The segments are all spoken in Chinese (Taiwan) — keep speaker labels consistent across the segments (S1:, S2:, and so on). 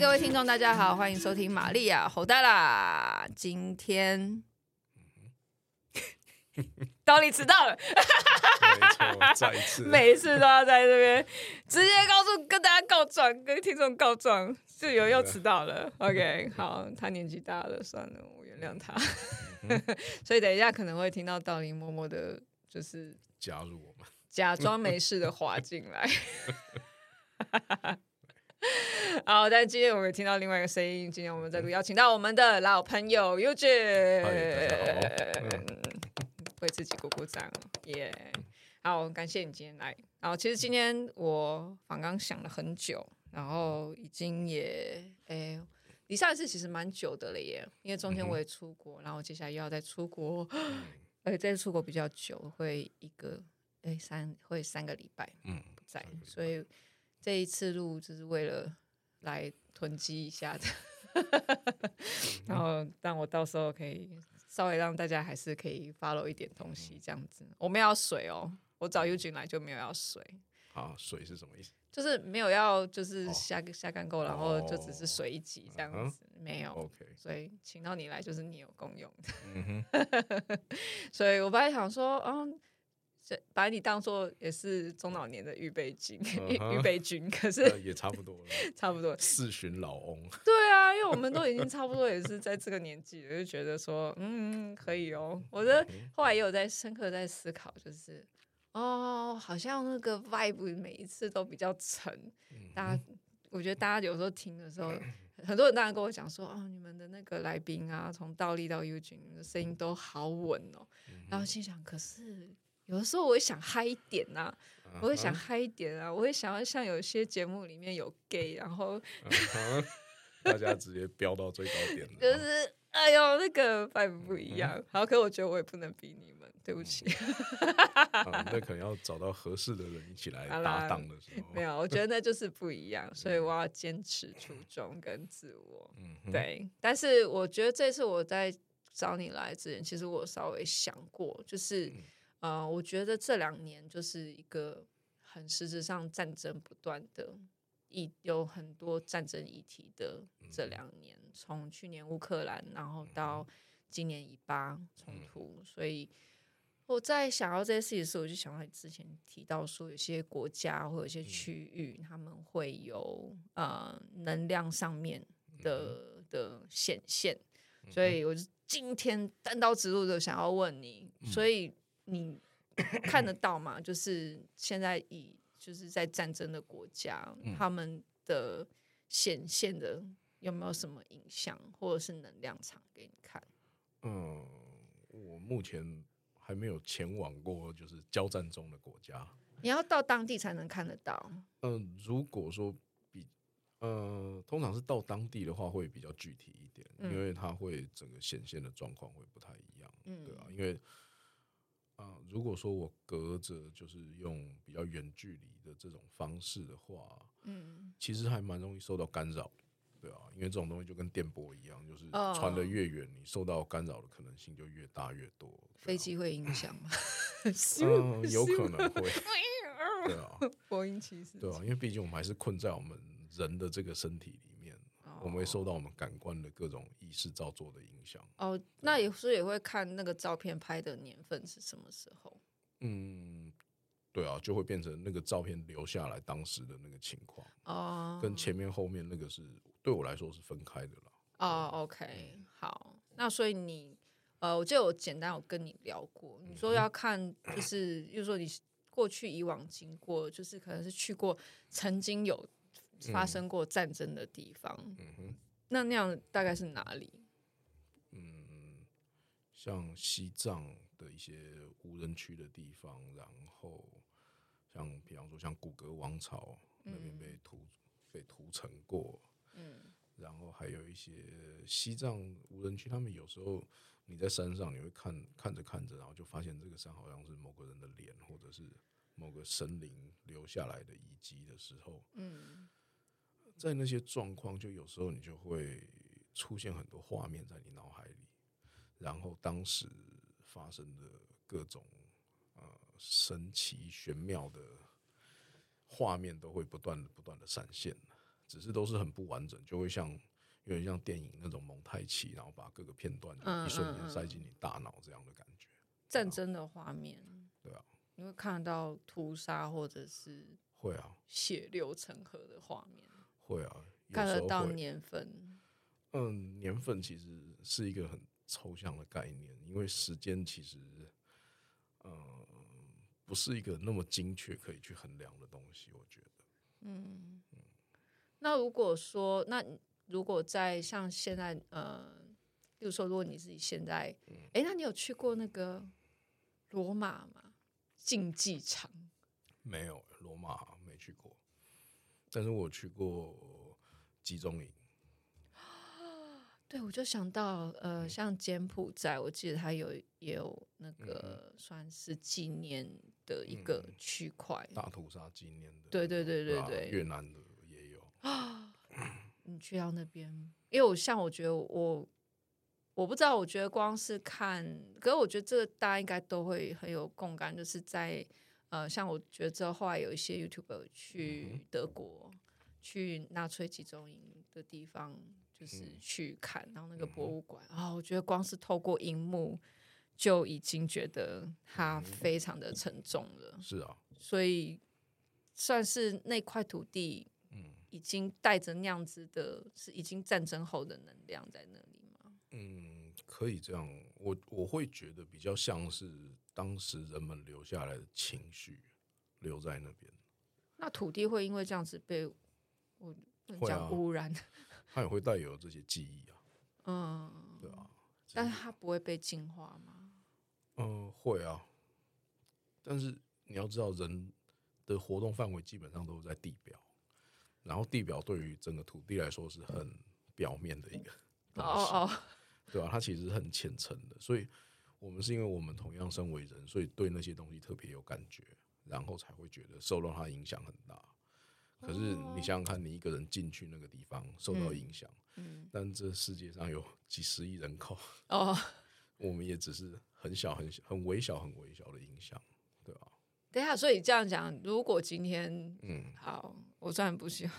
S1: 各位聽眾，大家好，歡迎收聽《瑪利亞厚咑啦》。今天道林 遲到了，
S2: 再一次，每一
S1: 次都要在這邊 直接告訴跟大家告狀，跟聽眾告狀，就又又遲到了。OK，好，他年紀大了，算了，我原諒他。 所以等一下可能會聽到道林默默的，就是加入我，假裝沒事的滑進來。 好，但是今天我們也聽到另外一個聲音，今天我們再度邀請到我們的老朋友 u 姐，嗯 Eugeon、Hi, guys, oh, oh, oh. 為自己鼓鼓掌耶、yeah。好，感謝你今天來。好，其實今天我剛剛想了很久，然後已經也哎，你上一次其實蠻久的了耶，因為中間我也出國、嗯，然後接下來又要再出國，而且這次出國比較久，會一個哎三會三個禮拜不在嗯在，所以。這一次錄就是為了來囤積一下的， 然後讓我到時候可以稍微讓大家還是可以 follow 一點東西這樣子。我沒有要水哦，我找 Eugeon 來就沒有要水有
S3: 要。好，啊，水是什麼意思？
S1: 就是沒有要，就是下，哦，下干夠，然後就只是水一集這樣子，沒有。OK。所以請到你來就是你有功用的，嗯。 所以我本來想說，嗯，哦。就把你當做也是中老年的預備軍，預、uh -huh, 備軍，可是也差不多了，差不多
S3: 四旬老翁。
S1: 對啊，因為我們都已經差不多也是在這個年紀了， 就覺得說，嗯，可以哦、喔。我覺得後來也有在深刻在思考，就是哦，好像那個 vibe 每一次都比較沉、嗯。大家，我覺得大家有時候聽的時候，嗯、很多人當然跟我講說，哦，你們的那個來賓啊，從倒立到 Eugeon 的聲音都好穩哦、喔嗯。然後心想，可是。有的時候我會想嗨一點吶、啊，uh -huh. 我會想嗨一點啊，我會想要像有些節目裡面有 gay，然後、
S3: uh -huh. 大家直接飆到最高點，就
S1: 是哎呦那個反正不，不一樣。嗯、好，可是我覺得我也不能逼你們、嗯，對不起、
S3: 嗯。那可能要找到合適的人一起來搭檔的時候
S1: 沒有，我覺得那就是不一樣， 所以我要堅持初衷跟自我、嗯。對。但是我覺得這次我在找你來之前，其實我稍微想過，就是。嗯呃，我覺得這兩年就是一個很實質上戰爭不斷的，一有很多戰爭議題的這兩年，從去年烏克蘭，然後到今年以巴衝突，所以我在想到這些事情的時候，我就想到之前提到說，有些國家或者有些區域，他們會有呃能量上面的的顯現，所以我就今天單刀直入的想要問你，所以。你看得到嗎？ 就是現在以就是在戰爭的國家，嗯、他們的顯現的有沒有什麼影像，或者是能量場給你看？
S3: 嗯，我目前還沒有前往過，就是交戰中的國家。
S1: 你要到當地才能看得到。嗯，
S3: 如果說比呃，通常是到當地的話會比較具體一點，嗯、因為它會整個顯現的狀況會不太一樣，嗯，對吧、啊？因為啊，如果說我隔着就是用比較遠距離的這種方式的話，嗯，其實還蠻容易受到干擾，對啊，因為這種東西就跟電波一樣，就是傳得越遠，哦，你受到干擾的可能性就越大越多。啊，
S1: 飛機會影響嗎？
S3: 嗯， 啊，有可能
S1: 會， 對啊，波音其實，對啊，因
S3: 為畢竟我們還是困在我們人的這個身體裡。我們會受到我們感官的各種意識造作的影響。
S1: 哦、oh,，那有時候也會看那個照片拍的年份是什麼時候。
S3: 嗯，對啊，就會變成那個照片留下來當時的那個情況。
S1: 哦、oh.，跟
S3: 前面後面那個是對我來說是分開的
S1: 了。哦、oh,，OK，好，那所以你，呃，我記得我簡單有跟你聊過，你說要看，就是， 就是，就說你過去以往經過，就是可能是去過，曾經有。發生過戰爭的地方，嗯哼，那那樣大概是哪裡？嗯，
S3: 像西藏的一些無人區的地方，然後像比方說像古格王朝那邊被屠、嗯、被屠城過，
S2: 嗯，
S3: 然後還有一些西藏無人區，他們有時候你在山上你會看看着看着，然後就發現這個山好像是某個人的臉，或者是某個神靈留下來的遺跡的時候，
S2: 嗯。
S3: 在那些狀況，就有時候你就會出現很多畫面在你腦海裡，然後當時發生的各種呃神奇玄妙的畫面都會不斷的不斷的閃現，只是都是很不完整，就會像有點像電影那種蒙太奇，然後把各個片段一瞬間塞進你大腦這樣的感覺。嗯嗯
S1: 嗯戰爭的畫面，對啊，你會看到屠殺或者是會啊血流成河的畫面。
S3: 會啊，看得到年份。嗯，年份其實是一個很抽象的概念，因為時間其實，嗯、呃，不是一個那麼精確可以去衡量的東西。我覺得，嗯，嗯。
S1: 那如果說，那如果在像現在，呃，比如說，如果你自己現在，哎、嗯，那你有去過那個羅馬嗎？競技場？嗯、
S3: 沒有，羅馬沒去過。但是我去過集中營，
S1: 對，我就想到呃、嗯，像柬埔寨，我記得它有也有那個算是紀念的
S3: 一個區塊、嗯，大屠殺紀念的，
S1: 對對對對對，對，越
S3: 南的也
S1: 有。你去到那邊，因為我像我覺得我，我不知道，我覺得光是看，可是我覺得這個大家應該都會很有共感，就是在。呃，像我覺得後，後來有一些 YouTuber 去德國，嗯、去納粹集中營的地方，就是去看、嗯，然後那個博物館啊、嗯哦，我覺得光是透過熒幕就已經覺得它非常的沉重了。嗯、是啊，所以算是那塊土地，嗯，已經帶着那樣子的、嗯，是已經戰爭後的能量在那裡嘛？
S3: 嗯，可以這樣，我我會覺得比較像是。當時人們留下來的情緒留在那邊，
S1: 那土地會因為這樣子被我講、啊、汙染，
S3: 它也會帶有這些記憶啊。嗯，
S1: 對啊，但是它不會被淨化嗎？嗯、
S3: 呃，會啊。但是你要知道，人的活動範圍基本上都在地表，然後地表對於整個土地來說是很表面的一個，哦、嗯、 哦， 對啊，它其實是很淺層的，所以。我們是因為我們同樣身為人，所以對那些東西特別有感覺，然後才會覺得受到它影響很大。可是你想想看，你一個人進去那個地方受到影響，嗯，嗯，但這世界上有幾十億人口哦，我們也只是很小很小、很微小、很微小的影響，對吧？
S1: 對啊，所以這樣講，如果今天，嗯，好，我雖然不喜歡，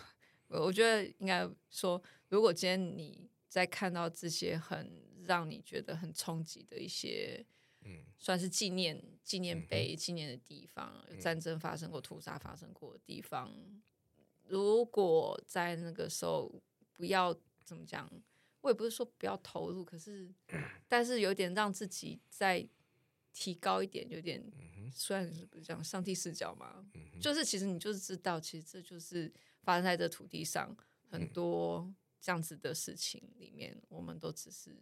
S1: 我我覺得應該說，如果今天你在看到這些很。讓你覺得很衝擊的一些，算是紀念紀念碑、紀念的地方，有戰爭發生過、屠殺發生過的地方。如果在那個時候，不要怎麼講，我也不是說不要投入，可是，但是有點讓自己再提高一點，有點算是講上帝視角嘛，就是其實你就是知道，其實這就是發生在這土地上很多這樣子的事情裡面，我們都只是。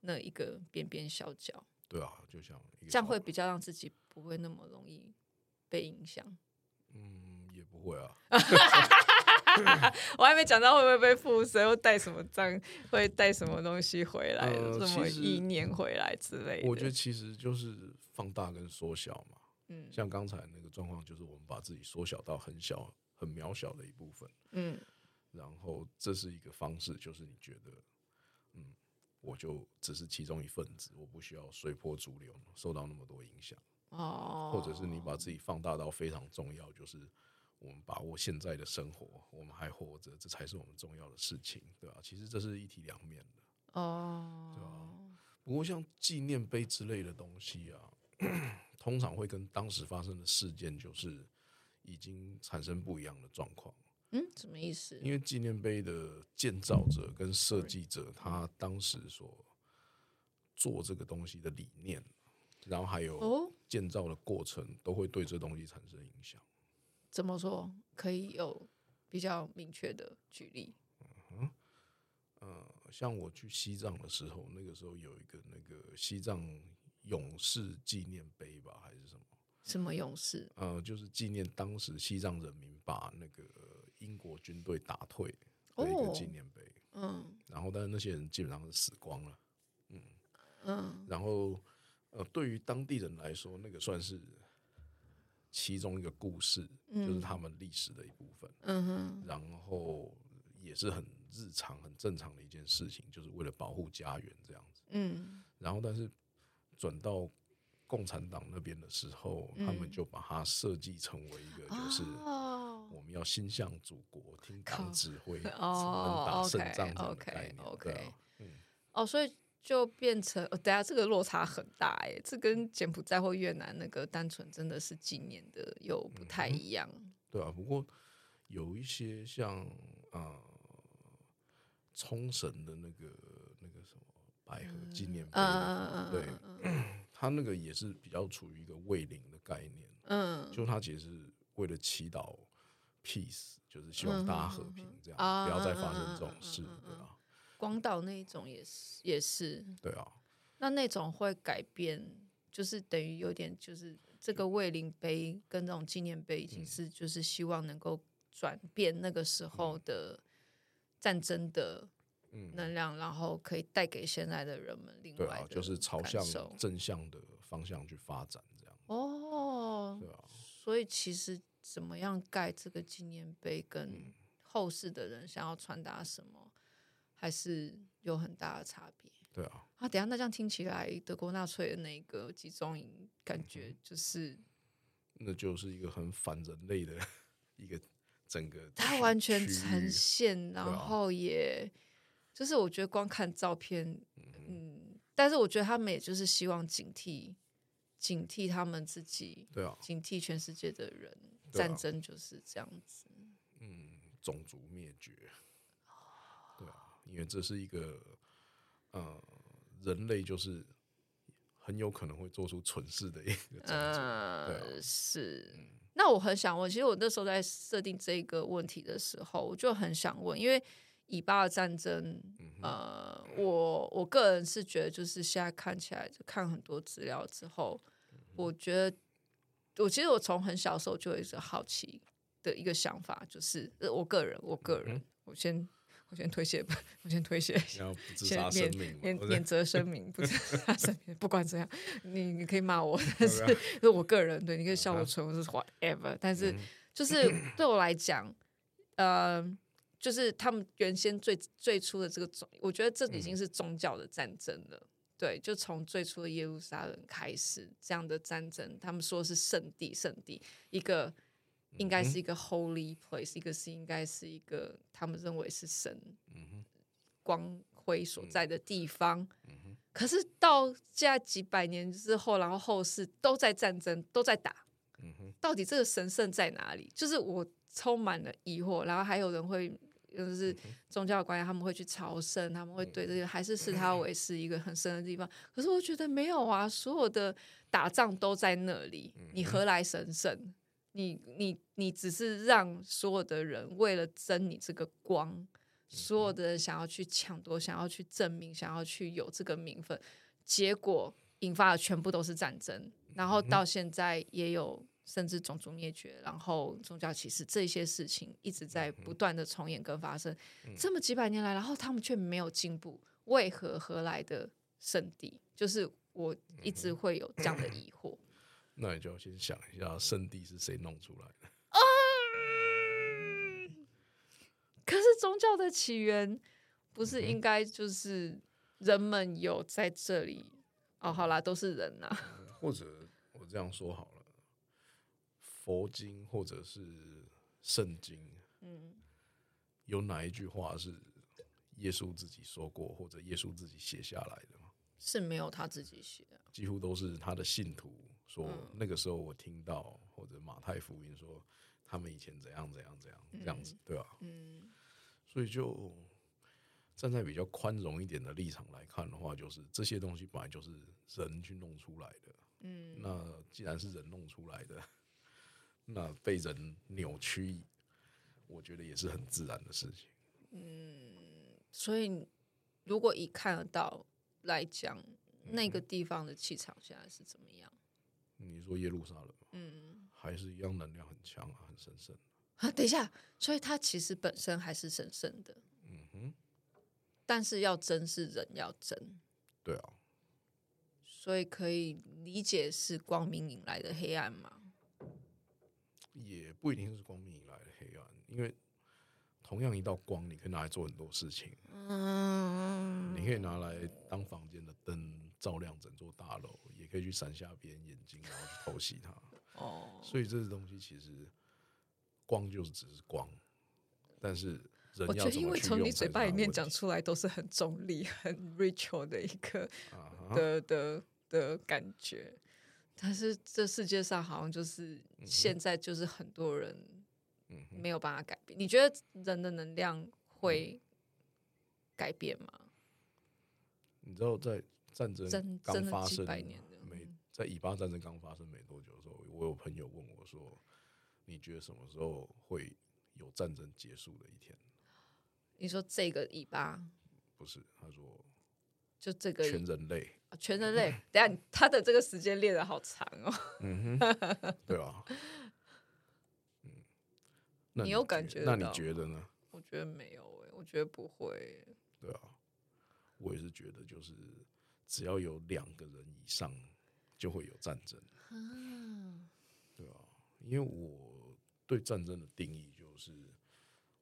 S1: 那一個邊邊小角，對啊，就像這樣會比較讓自己不會那麼容易被影響。
S3: 嗯，也不會啊。 我
S1: 還沒講到會不會被附身，又帶什麼章，會帶什麼東西回來，什、呃、麼意念回來之類的。我
S3: 覺得其實就是放大跟縮小嘛。嗯，像剛才那個狀況，就是我們把自己縮小到很小，很渺小的一部分。
S2: 嗯，
S3: 然後這是一個方式，就是你覺得。我就只是其中一份子，我不需要隨波逐流，受到那麼多影響。Oh. 或者是你把自己放大到非常重要，就是我們把握現在的生活，我們還活着，這才是我們重要的事情，對吧？其實這是一體兩面的。Oh. 對吧？不過像紀念碑之類的東西啊， 通常會跟當時發生的事件，就是已經產生不一樣的狀況。
S1: 嗯，什麼意思？因
S3: 為紀念碑的建造者、跟設計者，他當時所做這個東西的理念，然後還有建造的過程，都會對這東西產生影響。
S1: 哦？怎麼說？可以有比較明確的舉例？
S3: 嗯，像我去西藏的時候，那個時候有一個那個西藏勇士紀念碑吧，還是什麼？什麼勇士？呃，就是紀念當時西藏人民把那個。英國軍隊打退的一個紀念碑，
S2: 哦。嗯，
S3: 然後但是那些人基本上是死光了。嗯，
S2: 嗯，
S3: 然後呃，對於當地人來說，那個算是其中一個故事，嗯、就是他們歷史的一部分。嗯，然後也是很日常、很正常的一件事情，就是為了保護家園這樣子。
S2: 嗯，
S3: 然後但是轉到共產黨那邊的時候，嗯、他們就把它設計成為一個，就是。啊我們要心向祖國，聽黨指揮，哦，打勝仗、哦 okay, 這種概念
S1: okay, okay.、嗯，哦，所以就變成，對、哦、啊，這個落差很大哎，這跟柬埔寨或越南那個單純真的是紀念的又不太一樣、嗯，
S3: 對啊，不過有一些像呃，沖、嗯、繩的那個那個什麼百合紀念碑、嗯嗯，對，他、嗯嗯、那個也是比較處於一個慰靈的概念，嗯，就他其實是為了祈禱。peace 就是希望大家和平這樣，嗯哼嗯哼嗯，不要再發生這種事，嗯哼嗯
S1: 哼嗯哼嗯對吧、啊？廣島那一種也是也是對啊，那那種會改變，就是等於有點就是這個慰靈碑跟這種紀念碑已經是就是希望能夠轉變那個時候的戰爭的能量，嗯、然後可以帶給現在的人們另外
S3: 對、啊對啊、就是朝向正向的方向去發展這
S1: 樣哦對啊，所以其實。怎麼樣蓋這個紀念碑，跟後世的人想要傳達什麼，還是有很大的差別。對啊。啊，等下，那這樣聽起來，德國納粹的那個集中營，感覺就是、嗯，
S3: 那就是一個很反人類的一個整個。他完全呈現，然後
S1: 也、啊、就是我覺得光看照片，嗯，嗯，但是我覺得他們也就是希望警惕，警惕他們自己，對啊，警惕全世界的人。啊、戰爭就是這樣
S3: 子。嗯，種族滅絕。對、啊，因為這是一個，呃，人類就是很有可能會做出蠢事的一個戰爭、呃對
S1: 啊。嗯，是。那我很想，問，其實我那時候在設定這個問題的時候，我就很想問，因為以巴的戰爭、嗯，呃，我我個人是覺得，就是現在看起來，就看很多資料之後，嗯、我覺得。我其實我從很小的時候就有一直好奇的一個想法，就是我個人，我個人，我先我先推卸吧，我先推卸一下，先免免免免責聲明， 不自殺聲明。不管怎樣，你你可以罵我，但是、就是、我個人，對你可以笑我蠢，我、就是 whatever，但是就是對我來講， 呃，就是他們原先最最初的這個種，我覺得這已經是宗教的戰爭了。對，就從最初的耶路撒冷開始，這樣的戰爭，他們說是聖地，聖地一個應該是一個 holy place，一個是應該是一個他們認為是神光輝所在的地方。嗯哼嗯哼嗯哼、可是到這幾百年之後，然後後世都在戰爭，都在打。到底這個神聖在哪裡？就是我充滿了疑惑，然後還有人會。就是宗教的關係，他們會去朝聖，他們會對這個、嗯、還是視他為是一個很深的地方、嗯。可是我覺得沒有啊，所有的打仗都在那裡，你何來神聖？你、你、你只是讓所有的人為了爭你這個光，所有的人想要去搶奪，想要去證明，想要去有這個名分，結果引發的全部都是戰爭，然後到現在也有。甚至種族滅絕，然後宗教歧視，這些事情一直在不斷的重演跟發生、嗯嗯。這麼幾百年來，然後他們卻沒有進步，為何何來的聖地？就是我一直會有這樣的疑惑。嗯、
S3: 那你就先想一下，聖地是誰弄出來的、嗯？
S1: 可是宗教的起源不是應該就是人們有在這裡？嗯、哦，好啦，都是人吶、
S3: 啊，或者我這樣說好。佛經或者是聖經，嗯，有哪一句話是耶穌自己說過或者耶穌自己寫下來的嗎？
S1: 是沒有他自己寫
S3: 的，幾乎都是他的信徒說。嗯，那個時候我聽到，或者馬太福音說他們以前怎樣怎樣怎樣，嗯，這樣子，對吧？嗯。所以就站在比較寬容一點的立場來看的話，就是這些東西本來就是人去弄出來的。嗯，那既然是人弄出來的。那被人扭曲，我覺得也是很自然的事情。嗯，
S1: 所以如果以看得到來講，嗯，那個地方的氣場現在是怎麼樣？
S3: 你說耶路撒冷嗎？嗯，還是一樣能量很強，很神聖啊。啊，
S1: 等一下，所以它其實本身還是神聖的。嗯哼，但是要爭是人要爭。對啊，所以可以理解是光明引來的黑暗嗎？
S3: 也不一定是光明引來的黑暗，因為同樣一道光，你可以拿來做很多事情。嗯，你可以拿來當房間的燈，照亮整座大樓，也可以去閃下別人眼睛，然後去偷襲他。哦，所以這個東西其實光就是只是光，但是人要我覺得因為從你嘴巴裡
S1: 面講出來都是很中立、很 ritual 的一個的、嗯、的的、的感覺。但是這世界上好像就是現在就是很多人沒有辦法改變。你覺得人的能量會改變嗎？
S3: 嗯，你知道在戰爭剛發生真的幾百年沒在以巴戰爭剛發生沒多久的時候，我有朋友問我說：“你覺得什麼時候會有戰爭結束的一天？”
S1: 你說這個以巴？
S3: 不是，他說
S1: 就這個全人類。啊、全人類、嗯，等下他的這個時間練得好長哦。嗯、哼，對啊， 嗯，那你，你有感覺？那你覺得呢？我覺得沒有誒、欸，我覺得不會、
S3: 欸。對啊，我也是覺得，就是只要有兩個人以上，就會有戰爭、嗯。對啊，因為我對戰爭的定義就是，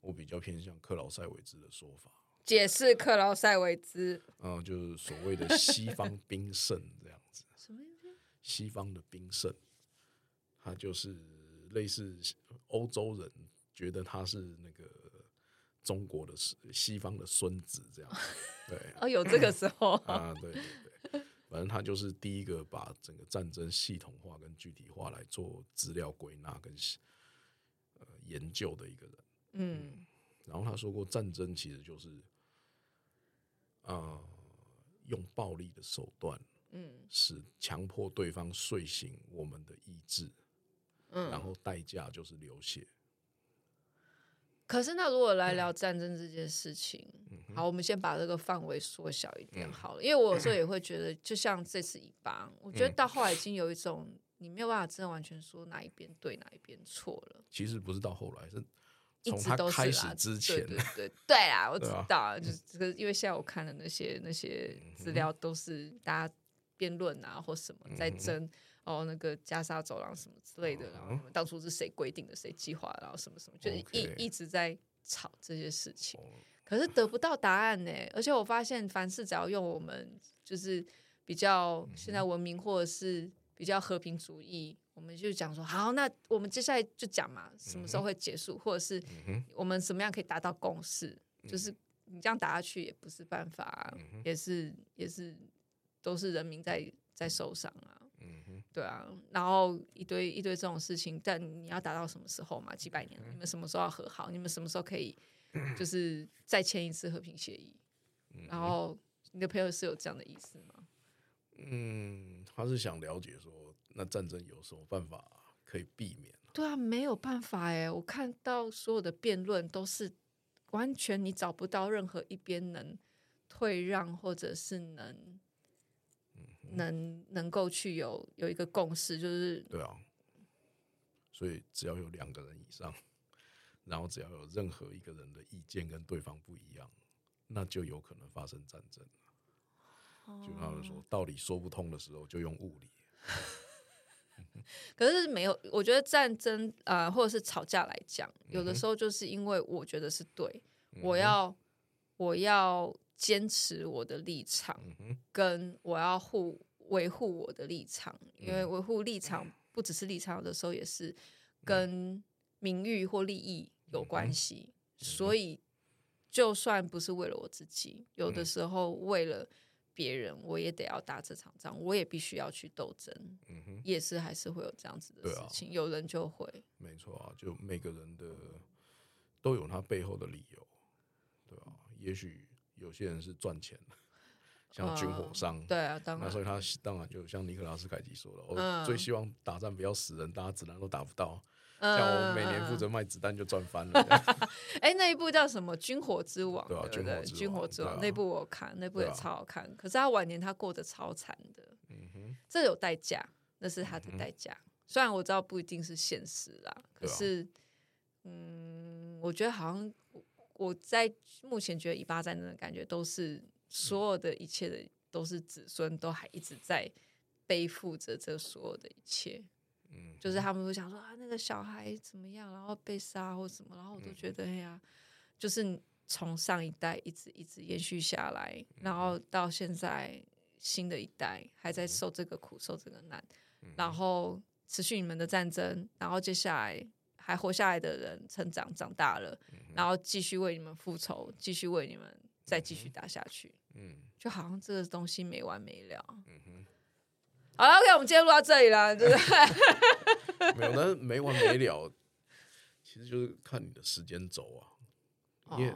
S3: 我比較偏向克勞塞維茲的說法。
S1: 解釋克勞塞維茲，
S3: 嗯，就是所謂的西方兵聖這樣子。 什麼意思？西方的兵聖，他就是類似歐洲人覺得他是那個中國的西西方的孫子這樣子。 對，哦，有這個時候 啊，對對對，反正他就是第一個把整個戰爭系統化跟具體化來做資料歸納跟呃研究的一個人。嗯，嗯然後他說過，戰爭其實就是。呃，用暴力的手段，嗯，使強迫對方睡醒我們的意志，嗯，嗯，然後代價就是流血。
S1: 可是，那如果來聊戰爭這件事情，嗯，好，我們先把這個範圍縮小一點，好了，嗯，因為我有時候也會覺得，就像這次一巴，
S3: 嗯，我覺得到
S1: 後來已經有一種你沒有辦法真的完全說哪一邊對，哪一邊錯
S3: 了。其實不是到後來是。直都開始之前，對，對對對，對啊，我知道，
S1: 啊嗯、就這個，是因為現在我看的那些那些資料都是大家辯論啊，或什麼在爭哦，那個加沙走廊什麼之類的，然後當初是誰規定的，誰計劃，然後什麼什麼，就是一、okay、一直在吵這些事情，可是得不到答案呢、欸。而且我發現，凡事只要用我們就是比較現在文明或者是比較和平主義。我們就講說好，那我們接下來就講嘛，什麼時候會結束？嗯、或者是我們怎麼樣可以達到共識、嗯。就是你這樣打下去也不是辦法，嗯、也是也是都是人民在在受傷啊、嗯哼，對啊。然後一堆一堆這種事情，但你要達到什麼時候嘛？幾百年你們什麼時候要和好？你們什麼時候可以就是再簽一次和平協議、嗯。然後你的朋友是有這樣的意思嗎？嗯，
S3: 他是想了解說。那戰爭有什麼辦法、啊、可以避
S1: 免、啊？對啊，沒有辦法哎、欸！我看到所有的辯論都是完全你找不到任何一邊能退讓，或者是能、嗯、能能夠去有有一個共識，就是
S3: 對啊。所以只要有兩個人以上，然後只要有任何一個人的意見跟對方不一樣，那就有可能發生戰爭。
S1: 就他們說
S3: 道理說不通的時候，就用物理、欸。
S1: 可是沒有，我覺得戰爭啊，呃，或者是吵架來講，有的時候就是因為我覺得是對，我要我要堅持我的立場，跟我要護維護我的立場，因為維護立場不只是立場，有的時候也是跟名譽或利益有關係。所以，就算不是為了我自己，有的時候為了。別人我也得要打這場仗，我也必須要去鬥爭，嗯哼，也是還是會有這樣子的事情，啊、有人就會，
S3: 沒錯啊，就每個人的、嗯、都有他背後的理由，對啊，也許有些人是賺錢，像軍火商、嗯，對啊，當然。所以他當然就像尼克拉斯凱奇說的，我、嗯哦、最希望打仗不要死人，大家只能都打不到。像我每年負責賣子彈就賺翻了。
S1: 哎、 欸，那一部叫什麼《軍火之王》對對？對、啊，《軍火之王》之王啊、那部我有看，那部也超好看、啊。可是他晚年他過得超慘的、啊超的嗯，這有代價，那是他的代價、嗯。雖然我知道不一定是現實啦，可是，啊、嗯，我覺得好像我在目前覺得以巴戰爭的感覺，都是所有的一切的都是子孫、嗯、都還一直在背負着這所有的一切。就是他們都想說啊，那個小孩怎麼樣，然後被殺或什麼，然後我都覺得哎呀、嗯啊，就是從上一代一直一直延續下來，嗯、然後到現在新的一代還在受這個苦、嗯、受這個難，然後持續你們的戰爭，然後接下來還活下來的人成長長大了，然後繼續為你們復仇，繼續為你們再繼續打下去嗯，嗯，就好像這個東西沒完沒了，嗯好，OK，我們今天錄到這裡了，對不對？
S3: 沒有，那沒完沒了， 其實就是看你的時間軸啊。因為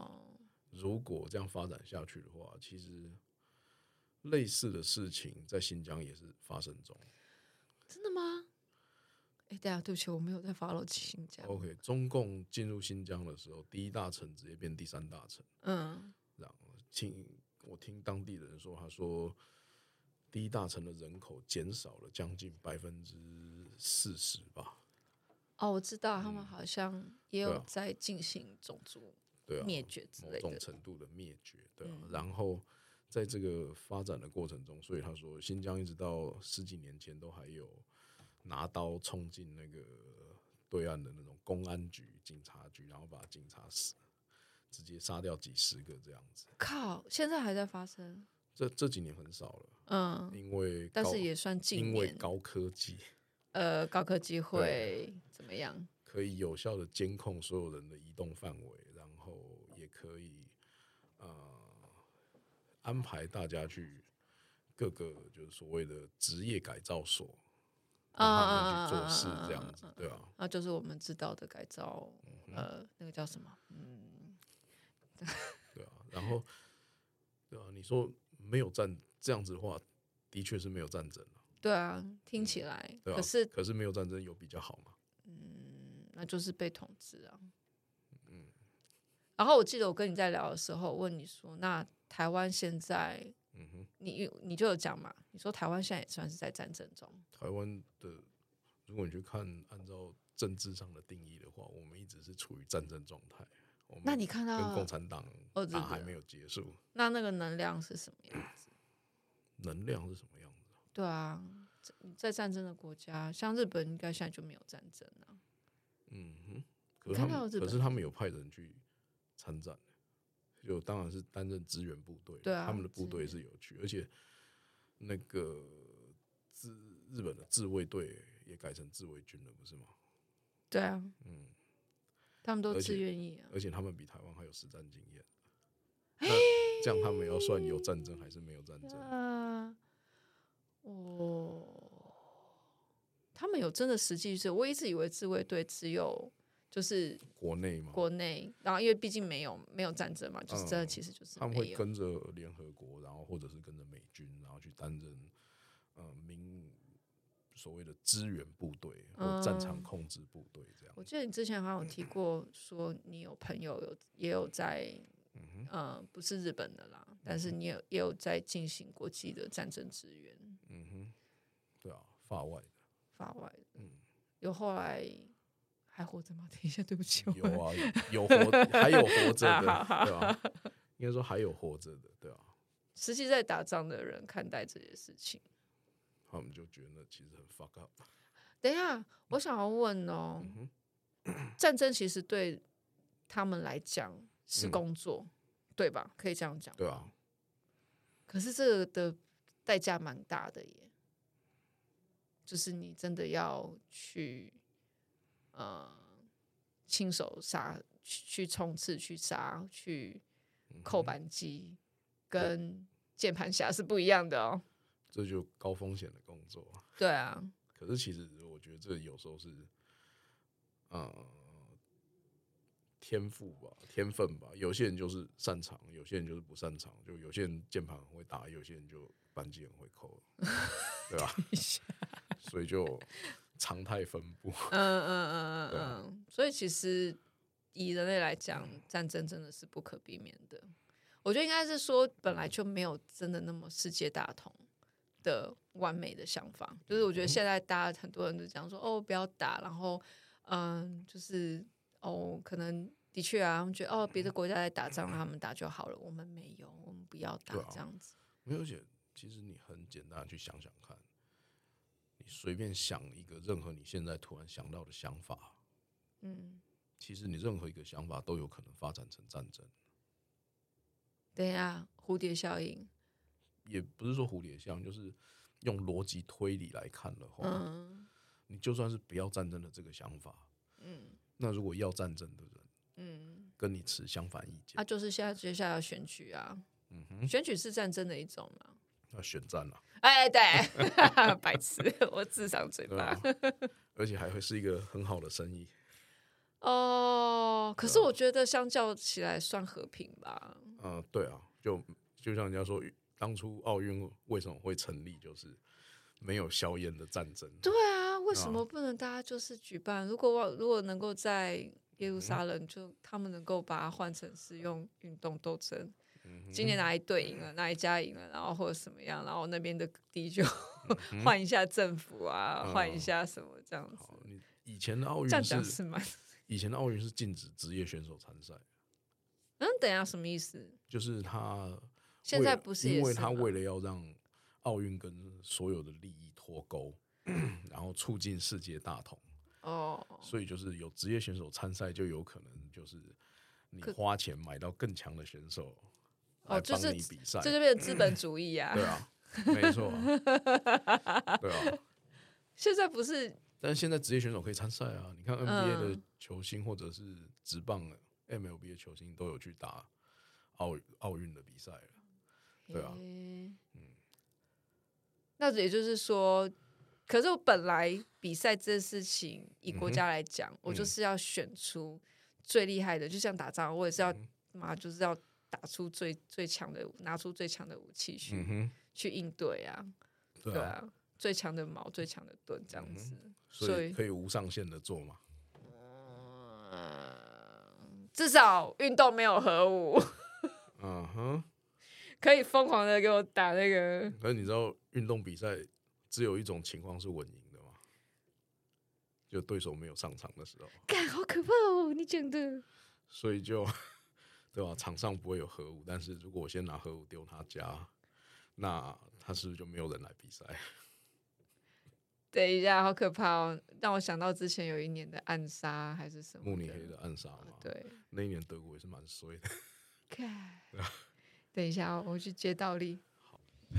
S3: 如果這樣發展下去的話，其實類似的事情在新疆也是發生中。
S1: 真的嗎？哎、欸，大家對不起，我沒有在 follow 新疆。OK，
S3: 中共進入新疆的時候，第一大城直接變第三大城。嗯。然後聽我聽當地的人說，他說。第一大城的人口減少了將近百分之四十吧。
S1: 哦，我知道，他們好像也有在進行種族對啊，滅絕之類的這種
S3: 程度的滅絕，對、啊。然後在這個發展的過程中，所以他說新疆一直到十幾年前都還有拿刀衝進那個對岸的那種公安局、警察局，然後把警察死直接殺掉幾十個這樣子。
S1: 靠！現在還在發生。
S3: 這這幾年很少了，嗯，因為但是也算近年因為高科技，
S1: 呃，高科技會怎麼樣？
S3: 可以有效的監控所有人的移動範圍，然後也可以啊、呃、安排大家去各個就是所謂的職業改造所，啊啊啊、啊、啊、啊、啊啊啊，做事這樣子，對啊，
S1: 啊，就是我們知道的改造、嗯，呃，那個叫什麼？
S3: 嗯， 對啊，然後對啊，你說。沒有戰這樣子的話，的確是沒有戰爭啊、嗯、
S1: 對啊，聽起來，嗯啊、可是可
S3: 是沒有戰爭有比較好嘛？
S1: 嗯，那就是被統治啊。嗯，然後我記得我跟你在聊的時候，問你說：“那台灣現在……嗯哼，你你就有講嘛？你說台灣現在也算是在戰爭中？
S3: 台灣的，如果你去看按照政治上的定義的話，我們一直是處於戰爭狀態。”那你看到跟共產黨打還沒有結束。
S1: 那那個能量是什麼樣
S3: 子？能量是什麼樣子？
S1: 對啊，在戰爭的國家，像日本應該現在就沒有戰爭了。嗯
S3: 哼，可是他們，可是他們有派人去參戰，就當然是擔任支援部隊。對啊，他們的部隊是有趣，而且那個自日本的自衛隊也改成自衛軍了，不是嗎？
S1: 對啊，嗯。他們都自願意、啊
S3: 而，而且他們比台灣還有實戰經驗。這樣他們要算有戰爭還是沒有戰
S1: 爭？啊、哦，他們有真的實際是，我一直以為自衛隊只有就是國內嘛，國內，然後因為畢竟沒有沒有戰爭嘛，嗯、就是這其實就是他們會跟
S3: 着聯合國，然後或者是跟着美軍，然後去擔任嗯、呃所謂的支援部隊或戰場控制部隊，這樣、嗯。
S1: 我記得你之前好像有提過，說你有朋友有也有在，嗯哼呃，不是日本的啦，嗯、但是你也有也有在進行國際的戰爭支援。嗯
S3: 哼，對啊，法外的。
S1: 法外，嗯，有後來還活着嗎？等一下，對不起，有啊，有，有活， 還有活着的， 對啊、啊？
S3: 應該說還有活着的，對啊，
S1: 實際在打仗的人看待這些事情。
S3: 他們就覺得其實很 fuck up。
S1: 等一下，我想要問哦，嗯、 戰爭其實對他們來講是工作，嗯，對吧？可以這樣講。對啊。可是這個的代價蠻大的耶，就是你真的要去，呃，親手殺，去衝刺，去殺，去扣扳機，嗯，跟鍵盤俠是不一樣的哦。
S3: 這就高風險的工作，對啊。可是其實我覺得這有時候是，嗯，天賦吧，天分吧。有些人就是擅長，有些人就是不擅長。就有些人鍵盤會打，有些人就扳機很會扣， 對吧？ 所以就常態分佈。 嗯嗯嗯嗯。
S1: 所以其實以人類來講，戰爭真的是不可避免的。我覺得應該是說，本來就沒有真的那麼世界大同的完美的想法，就是我覺得現在大家很多人都講說哦不要打，然後嗯就是哦可能的確啊，我們覺得哦別的國家在打仗，嗯、他們打就好了，我們沒有，我們不要打，啊，這樣子。
S3: 沒有姐，而且其實你很簡單的去想想看，你隨便想一個任何你現在突然想到的想法，
S1: 嗯，
S3: 其實你任何一個想法都有可能發展成戰爭。嗯、
S1: 對呀、啊、蝴蝶效應。
S3: 也不是說蝴蝶像，就是用邏輯推理來看的話，嗯，你就算是不要戰爭的這個想法，
S1: 嗯，
S3: 那如果要戰爭的人，嗯，跟你持相反意
S1: 見，啊，就是現在接下來要選舉啊，嗯，選舉是戰爭的一種了，
S3: 要選戰了，
S1: 哎，哎，對，
S3: 白痴，我智商最爛，而且還會是一個很好的生意
S1: 哦。可是我覺得相較起來算和平吧。嗯，嗯
S3: 對啊，就就像人家說。當初奧運為什麼會成立？就是沒有硝煙的戰爭。
S1: 對啊，為什麼不能大家就是舉辦？啊、如果我如果能夠在耶路撒冷，就他們能夠把它換成是用運動鬥爭。嗯、今年哪一隊贏了，哪一家贏了，然後或者什麼樣，然後那邊的地就換、嗯、一下政府啊，換、嗯、一下什麼這樣子。好，你
S3: 以前的奧運這樣是嗎。以前的奧運是禁止職業選手參賽。
S1: 嗯，等一下什麼意思？
S3: 就是他。現在不是,是，因為他為了要讓奧運跟所有的利益脫鈎，然後促進世界大同哦，oh. 所以就是有職業選手參賽，就有可能就是你花錢買到更強的選手來幫你比賽，這、oh, 就是就是、變資本主義啊！ 對啊，沒錯、啊，對啊。 現在不是，但是現在職業選手可以參賽啊！你看 NBA 的球星或者是職棒、嗯、MLB 的球星都有去打奧奧運的比賽了。
S1: 對啊、嗯，那也就是說，可是我本來比賽這事情，以國家來講、嗯，我就是要選出最厲害的、嗯，就像打仗，我也是要嘛、嗯，就是要打出最最強的，拿出最強的武器去、嗯、去應對啊。對啊，最強的矛，最強的、的盾，這樣子、
S3: 嗯，所以可以無上限的做嘛。嗯、
S1: 至少運動沒有核武。嗯
S3: 哼。
S1: 可以瘋狂的給我打那個。
S3: 可是你知道運動比賽只有一種情況是穩贏的嗎？就對手沒有上場的時候。
S1: 哎，好可怕哦！你講的。
S3: 所以就，對吧？場上不會有核武，但是如果我先拿核武丟他家，那他是不是就沒有人來比賽？
S1: 等一下，好可怕哦！讓我想到之前有一年的暗殺還是什麼慕尼黑的暗殺
S3: 嘛？對。那一年德國也是蠻衰的。
S1: 等一下，我去接倒立。好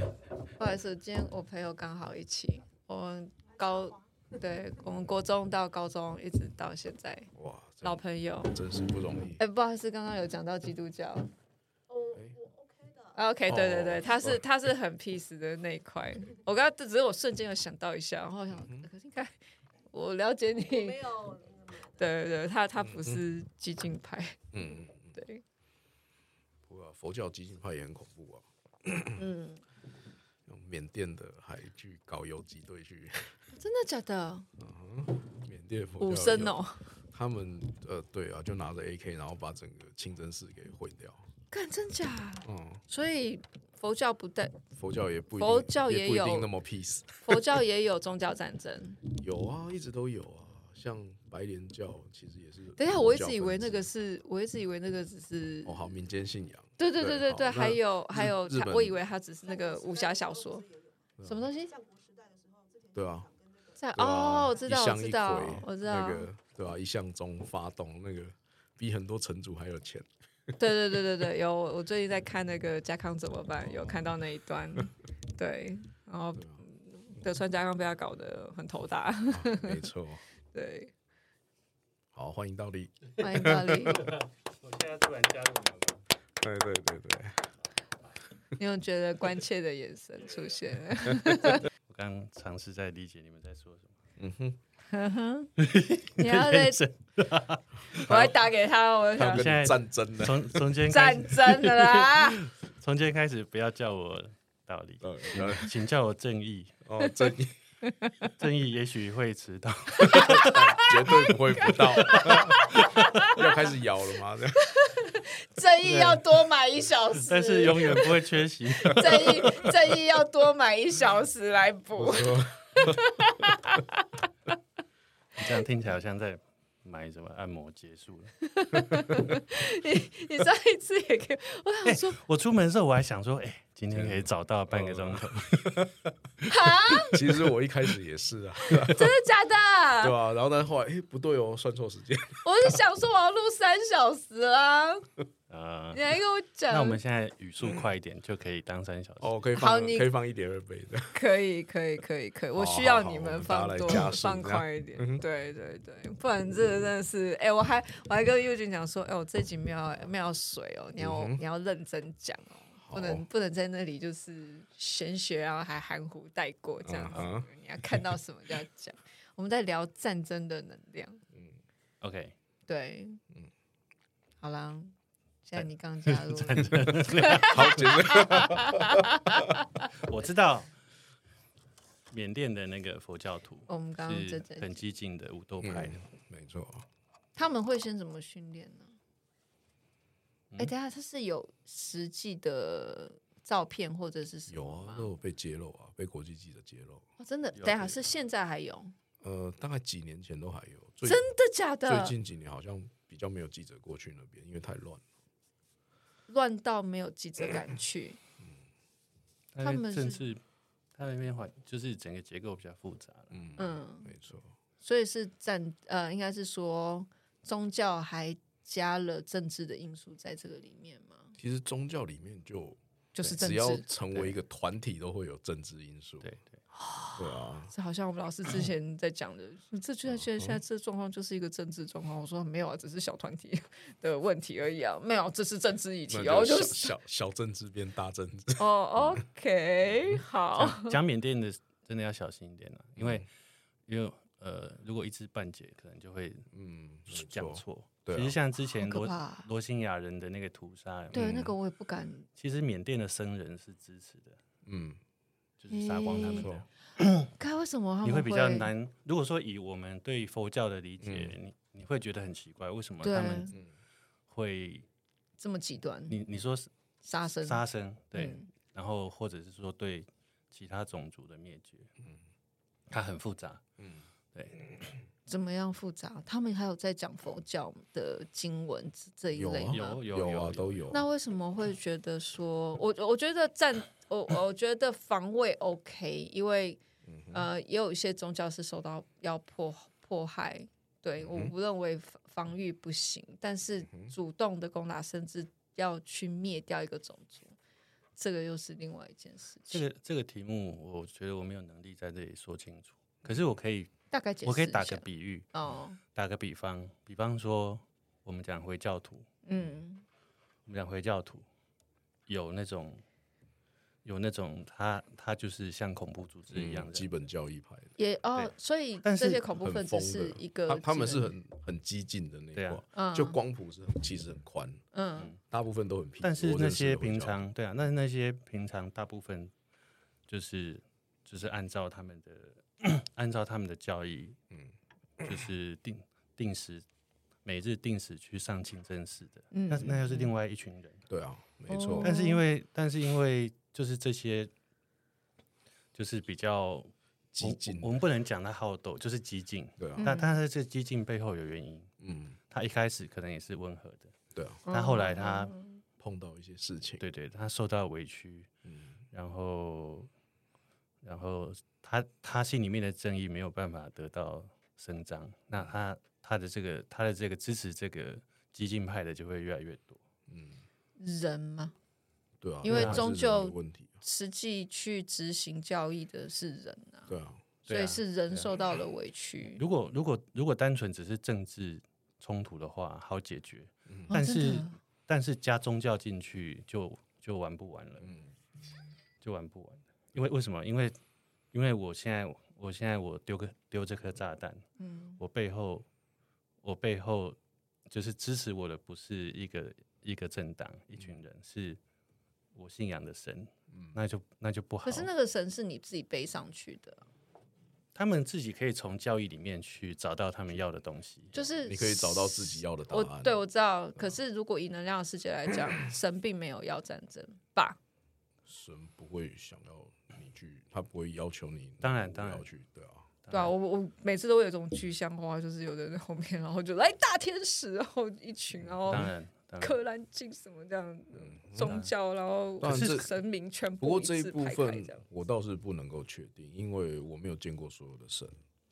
S1: 不好意思，今天我朋友剛好一起，我們高，對我們國中到高中一直到現在。哇，老朋友，真是不容易。哎、嗯欸，不好意思，剛剛有講到基督教。O，OK、哦 OK okay, 對對對，他是他是很 peace 的那一塊、哦。我剛剛只是我瞬間有想到一下，然後想、嗯，可是你看，我了解你。嗯、對對對，他他不是激進派。嗯，對。
S3: 佛教激進派也很恐怖啊！嗯，緬甸的還去搞游擊隊去，
S1: 真的假的？嗯、
S3: 啊。緬甸佛教武僧哦，他們呃，對啊，就拿着 AK，然後把整個清真寺給毀掉，
S1: 幹真假？嗯、啊，所以佛教不對，
S3: 佛教也不一定，佛教也有也那麼 peace，佛教，
S1: 佛教也有宗教戰爭，
S3: 有啊，一直都有啊。像白蓮教其實也是，等一下我一直以為那
S1: 個是，我一直以為那個只是哦
S3: 好民間信仰，對對對對對，還有還有我以
S1: 為他只是那個武俠小說，啊、什麼東西？
S3: 對啊，在哦、啊，我知道一一我知道，我知道那個對啊，一向中發動那個，比很多城主還有錢。
S1: 對對對對對，有 我最近在看那個家康怎麼辦，有看到那一段，哦、 對，然後德川家康被他搞得很頭大，啊、
S3: 沒錯。對，好，歡迎到理，歡迎到理， 我現在突然加入你。 對對
S1: 對對， 你有覺得關切的眼神出現了。
S4: 我剛嘗試在理解你們在說什麼。嗯
S1: 哼，你要認
S4: 真，我要打給他。我想現在 戰爭的，從從今戰爭的啦，從 今天開始不要叫我道理， 請叫我正義 哦，正義。正義也許會遲到，
S2: 絕對不會不到。
S3: 要 開始咬了嗎？對。
S1: 正義要多買一小時，但是永遠不會缺席。正義正義要多買一小時來補。
S4: 你這樣聽起來好像在。買什麼按摩結束了？
S1: 你你一次也可以。我想說、
S4: 欸，我出門的時候我還想說，哎、欸，今天可以早到半個鐘頭。啊、呃 哈！其實我一
S3: 開始也是啊。 真
S1: 的假的？ 對吧、啊？
S3: 然後呢，後來哎、欸，不對哦，算錯時間。
S1: 我是想說，我要錄三小時啊。呃，你來跟我講。那我們
S3: 現在語速
S4: 快一點，就可以當三小時。哦、嗯，可以放，可以放一點二倍的。可以，
S1: 可以，可以，可以。可以我需要你們放多，放快一點、嗯。對對對，不然這個真的是，哎、欸，我還我還跟佑君講說，哎、欸，我這集沒有沒有水哦、喔，你要、嗯、你要認真講、喔、不能、喔、不能在那裡就是玄學，然後還含糊帶過這樣子、嗯。你要看到什麼就要講。 我們在聊戰爭的能量。嗯、
S4: o、okay.
S1: k 對、嗯，好啦。在你剛加入， 好簡直笑 我知道
S4: 緬甸的那個佛教徒，我們剛剛在很激進的武鬥派，沒錯。
S1: 他們會先怎麼訓練呢？
S3: 哎，等
S1: 下他是有實際的照片，或者是有啊？那
S3: 有被揭露啊？被國際記者揭露？哇，真的？等下
S1: 是現在還有？
S3: 呃，大概幾年前都還有。真的
S1: 假的？最近
S3: 幾年好像比較沒有記者過去那邊，因為太亂
S1: 亂到沒有記者敢去。嗯。他們甚
S3: 至，他那邊環，就是整個結構比較複雜。嗯嗯，沒錯。
S1: 所以是占呃，應該是說宗教還加了政治的因素在這個裡面嗎？
S3: 其實宗教裡面就就是只要成為一個團體，都會有政治因素。對對。哦、對啊，這好像我們老師之
S1: 前在講的，這居然現在現在這狀況就是一個政治狀況。我說沒有啊，只是小團體的問題而已啊，沒有，這是政治議題、啊。我就小
S3: 小，小政治
S4: 變大政
S1: 治。哦，OK，好，講
S4: 緬甸的真的要小心一點啊，因為因為呃，如果一知半解，可能就會嗯講錯。對、呃，其實像之前羅羅興亞人的那個屠殺，對那
S1: 個我也不敢。
S4: 其實緬甸的僧人是支持的，嗯。
S1: 就是殺光他們，該為什麼你會比較難？
S4: 如果說以我們對佛教的理解，你你會覺得很奇怪，為什麼他們會
S1: 這麼極端？你你說殺生，殺生，對，
S4: 然後或者是說對其他種族的滅絕，嗯，它很複雜嗯，嗯，對、嗯。
S1: 怎麼樣複雜？他們還有在講佛教的經文這一類嗎？有、啊、有有，有，有啊，都有。那為什麼會覺得說，我我覺得站，我我覺得防衛 OK，因為、嗯、呃，也有一些宗教是受到要迫迫害。對，嗯、我不認為防，防禦不行，但是主動的攻打，甚至要去滅掉一個種族，這個又是另外一件事情。這
S4: 個這個題目，我覺得我沒有能力在這裡說清楚，可是我可以。我可以打個比喻哦，打個比方，比方說我們講回教徒，
S2: 嗯，
S4: 我們講回教徒有那種有那種他他就是像恐怖組織一樣的、嗯，基本教義派
S1: 的也哦，所以但是這些恐怖分子是一個他，他們是很
S3: 很激進的那對、啊嗯、就光譜是很其實很寬、嗯，嗯，大部分都很平，但是那些平常對
S4: 啊，那那些平常大部分就是。就是按照他們的按照他們的教義，嗯，
S2: 就
S4: 是定定時每日定時去上清真寺的，嗯、那那又是另外一群人。嗯、對啊，沒錯、哦。但是因為但是因為就是這些，就是比較激進。我們不能講他好鬥，就是激進。對啊。但但是這個激進背後有原因。嗯。他一開始可能也是溫和的。對啊。但後來他、嗯、碰到一些事情。對對，對，他受到委屈。嗯。然後。然後他他心裡面的正義沒有辦法得到伸張，那他他的這個他的這個支持這個激進派的就會越來越多，嗯，
S1: 人嗎？對啊，因為終究實際去執行教義的是人啊，啊，對啊，所以是人受到了委屈。啊啊
S4: 啊、如果如果如果單純只是政治衝突的話，好解決，哦、但是但是加宗教進去就就玩不完了，嗯，就玩不完了。因為為什麼？因為因為我現在，我現在我丟個丟這顆炸彈，嗯，我背後，我背後就是支持我的不是一個一個政黨、嗯，一群人，是我信仰的神，嗯，那就那就不好。可是
S1: 那個神是你自己背上去的，
S4: 他們自己可以從教育裡面去找到他們要的東西，
S1: 就是你可以找到自己要的東西。我對我知道、嗯，可是如果以能量的世界來講、嗯，神並沒有要戰爭吧？
S3: 神不會想要。你去，他不會要求你。當然，當然要去。對啊，
S1: 對啊，我我每次都會有這種具象化，就是有人在後面，然後就來大天使，然後一群，然後、嗯、當然、當然，可蘭經什麼這樣的、嗯、宗教，然後就是神明全部。不過這一部分
S3: 我倒是不能夠確定，因為我沒有見過所有的神。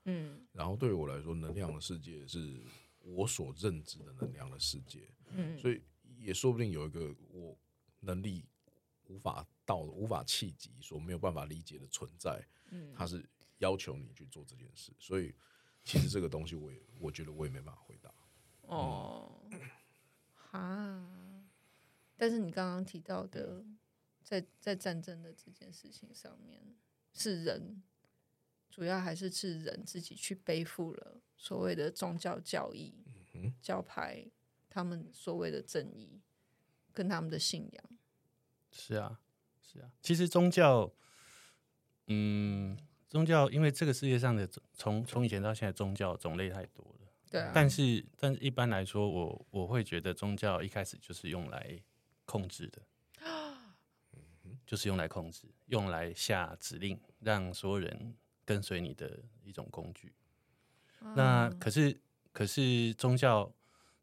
S3: 嗯，然後對於我來說，能量的世界是我所認知的能量的世界。嗯，所以也說不定有一個我能力無法。我無法企及，說沒有辦法理解的存在，他是要求你去做這件事，嗯、所以其實這個東西我也，我我覺得我也沒辦法回答。哦，
S1: 嗯、哈，但是你剛剛提到的，在在戰爭的這件事情上面，是人主要還是是人自己去背負了所謂的宗教教義、嗯、教派，他們所謂的正義跟他們的信仰。
S4: 是啊。是啊，其實宗教，嗯，宗教，因為這個世界上的從從以前到現在，宗教種類太多了。對啊。但是，但是一般來說我，我我會覺得宗教一開始就是用來控制的，啊、嗯，就是用來控制，用來下指令，讓所有人跟隨你的一種工具、啊。那可是，可是宗教，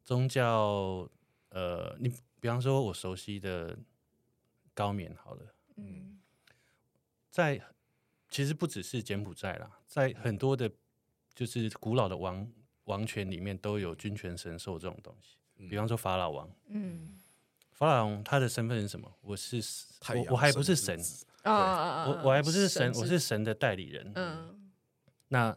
S4: 宗教，呃，你比方說我熟悉的高棉好了。嗯，在其實不只是柬埔寨啦，在很多的，就是古老的王王權裡面都有君權神授這種東西，嗯。比方說法老王，嗯，法老王他的身份是什麼？我是，太陽神之子。我我還不是神啊啊啊啊對。我我還不是神，神是，我是神的代理人。嗯，那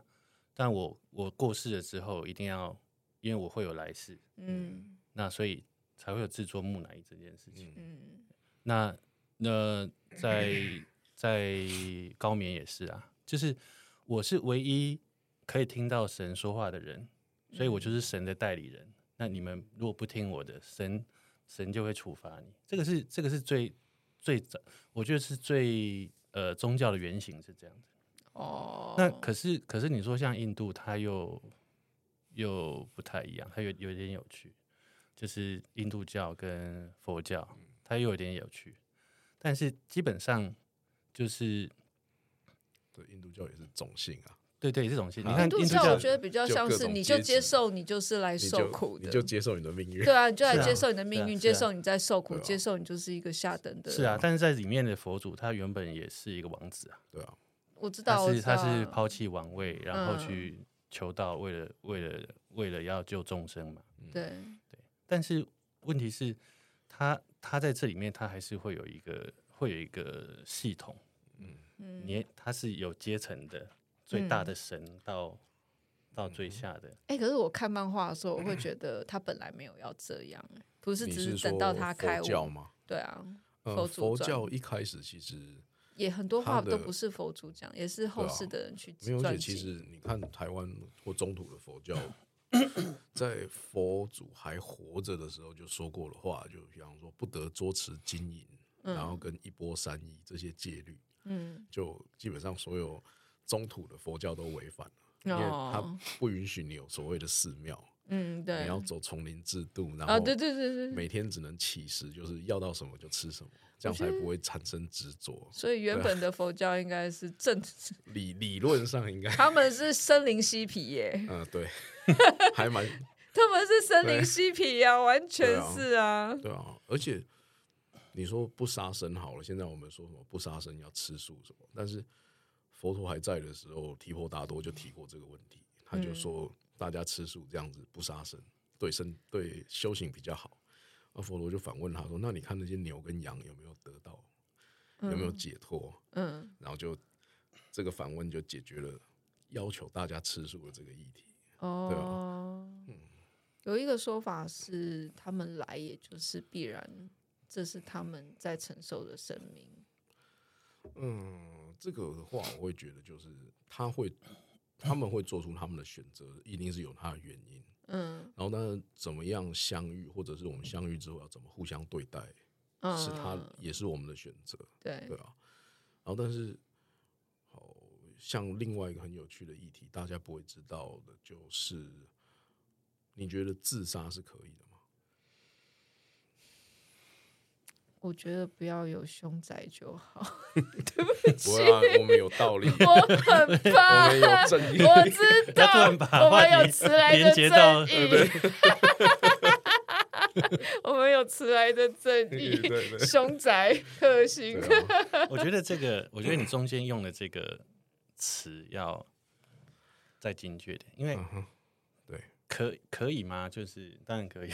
S4: 但我我過世了之後，一定要因為我會有來世，嗯，那所以才會有製作木乃伊這件事情。嗯，那。那、呃、在在高棉也是啊，就是我是唯一可以聽到神說話的人，所以我就是神的代理人。嗯、那你們如果不聽我的，神神就會處罰你。這個是這個是最最早，我覺得是最呃宗教的原型是這樣子。哦，那可是可是你說像印度，它又又不太一樣，它有有點有趣，就是印度教跟佛教，它又有點有趣。但是基本上就是對，對印度教也是種姓啊，對對是種姓。你看印度教，我覺得比較像是就你就接
S1: 受，你就是來受苦的你，你就接受你的命運，對啊，你就來接受你的命運，啊啊啊、接受你在受苦，接受你就是一個下等的。是啊，但是
S4: 在裡面的佛祖，他原本也是一個王子啊，對啊，我知道，是他是拋棄王位，然後去求道為、嗯，為了為了為了要救眾生嘛，
S1: 對對，
S4: 對。但是問題是，他。他在這裡面，他還是會有一個，會有一個系統。
S1: 嗯，你
S4: 他是有階層的，最大的神到、嗯、到最下的。
S1: 哎、欸，可是我看漫畫的時候，我會覺得他本來沒有要這樣，不是只是等到他開悟佛教嗎？對啊，佛祖、呃、佛教
S3: 一開始其實也很多話都不
S1: 是佛祖講，也是後世的人去講、啊。沒有，
S3: 其實你看台灣或中土的佛教。 在佛祖還活着的時候就說過的話，就比方說不得捉持金銀、嗯，然後跟一缽三衣這些戒律、嗯，就基本上所有中土的佛教都違反了、哦，因為它不允許你有所謂的寺廟、嗯，你要走叢林制度，然後每天只能乞食，就是要到什麼就吃什麼。這樣才不會產生執着。所以原本的
S1: 佛教應該是正
S3: 理，理論上應該 他
S1: 們是森林嬉皮耶、呃。 皮
S3: 啊，對，還蠻
S1: 他們是森林嬉皮呀，完全是啊，啊。對
S3: 啊，而且你說不殺生好了，現在我們說什麼不殺生要吃素什麼？但是佛陀還在的時候，提婆達多就提過這個問題，他就說大家吃素這樣子不殺生，對身對修行比較好。阿佛羅就反問他說：“那你看那些牛跟羊有沒有得到，
S1: 嗯、有沒有解脫？”
S3: 嗯，然後就這個反問就解決了要求大家吃素的這個議題。哦，
S1: 對吧，嗯，有一個說法是他們來，也就是必然，這是他們在承受的生
S3: 命。嗯，這個的話，我會覺得就是他會，他們會做出他們的選擇、嗯，一定是有他的原因。嗯，然後呢，怎麼樣相遇，或者是我們相遇之後要怎麼互相對待，嗯、是他，也是我們的選擇，對對、啊、然後，但是，好像另外一個很有趣的議題，大家不會知道的，就是你覺得自殺是可以的嗎？
S1: 我覺得不要有凶宅就好。
S3: 對不起，不啊、我們有道理，我
S2: 很怕。我，我知道，我們有遲來的正義。 對對對
S1: 我們有遲來的正義，對對對，凶宅可行。哦、 我覺
S4: 得這個，我覺得你中間用的這個詞要再精確點，因為、嗯、對，可可以嗎？就是當然可
S3: 以，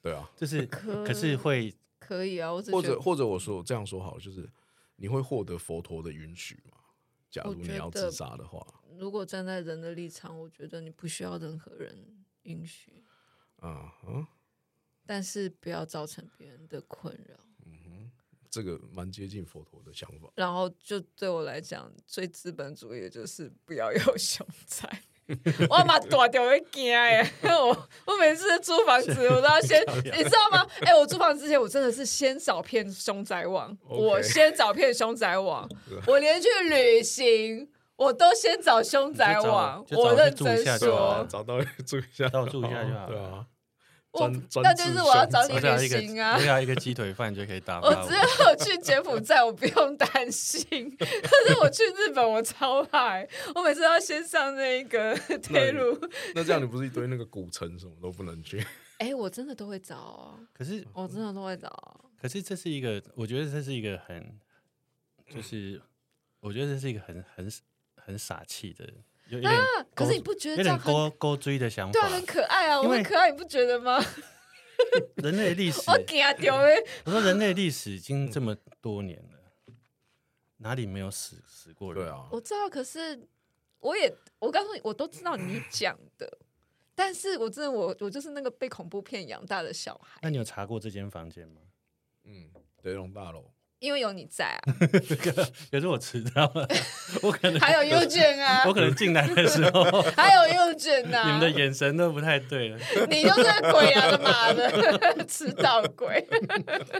S3: 對啊、哦，就是可，可是會。
S1: 可以啊，或者或者
S3: 我說這樣說好，就是你會獲得佛陀的允許嗎？假如你要自殺的話，
S1: 如果站在人的立場，我覺得你不需要任何人允許。嗯、啊、嗯、啊，但是不要造成別人的困擾。嗯哼，
S3: 這個蠻接近佛陀的想法。
S1: 然後就對我來講，最資本主義的就是不要有凶宅。 我蠻大掉的驚哎！我我每次租房子，我都要先，你知道嗎？哎、欸，我租房之前，我真的是先找遍凶宅網，okay. 我先找遍凶宅網， 我連去旅行，我都先找凶宅網，我認真說，找，一啊、
S3: 找到住一下，住一下就好
S4: 我那就是我要找你旅行啊！對啊，一個雞腿飯就可以打發我, 我只要
S1: 有去柬埔寨，我不用擔心；可 是我去日本，我超嗨！我每次都要先上那個鐵路。
S3: 那,你 那這樣你不是一堆那個古城什麼都不能去？哎、欸，
S1: 我真的都會找、哦。可是我真的都會找、
S4: 哦。可是這是一個，我覺得這是一個很，就是、嗯、我覺得這是一個很很很傻氣的。啊！可是你不覺得這樣，勾勾追，的想法對啊，很
S1: 可愛啊，我很可愛，你不覺得嗎？
S4: 人類歷史我，我說人類歷史已經這麼多年了，嗯、哪裡沒有死死過人啊對啊？
S1: 我知道，可是我也我告訴你，我都知道你講的、嗯，但是我真的我我就是那個被恐怖片養大的小
S4: 孩。那你有查過這間房間嗎？嗯，德隆大樓。
S1: 因為有你在啊，
S4: 可是我遲到了， 我可能還有右卷啊，我可能進來的時候
S1: 還有右卷啊，你們的
S4: 眼神都不太對了，
S1: 你就是鬼啊的，
S4: 他媽的遲到鬼！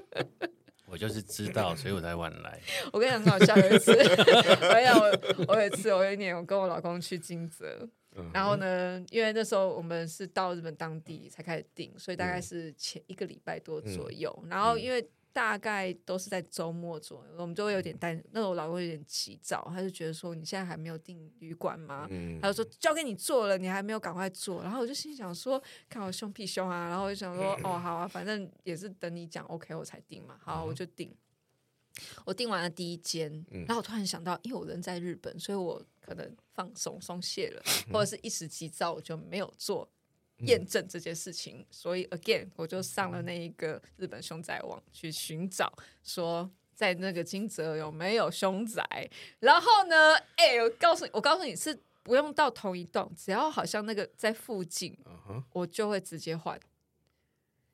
S4: 我就是知道，所以我才晚來。 我跟你講，很好笑。有一次，而 有，我我，吃我有一次，有一年我
S1: 跟我老公去金澤，嗯、然後呢、嗯，因為那時候我們是到日本當地才開始訂，所以大概是前一個禮拜多左右，嗯嗯、然後因為。大概都是在周末做，我們就會有點擔。那個我老公有點急躁，他就覺得說：“你現在還沒有訂旅館嗎、嗯？”他就說：“交給你做了，你還沒有趕快做。”然後我就心裡想說：“看我兇不兇啊！”然後我就想說：“哦，好啊，反正也是等你講 OK 我才訂嘛。”好，我就訂、嗯。我訂完了第一間，然後我突然想到，因為我人在日本，所以我可能放鬆鬆懈了，或者是一時急躁，我就沒有做。嗯、驗證這件事情，所以 again 我就上了那一個日本凶宅網去尋找，說在那個金澤有沒有凶宅？然後呢，哎，我告訴你，我告訴你是不用到同一棟，只要好像那個在附近，uh -huh. 我就會直接換。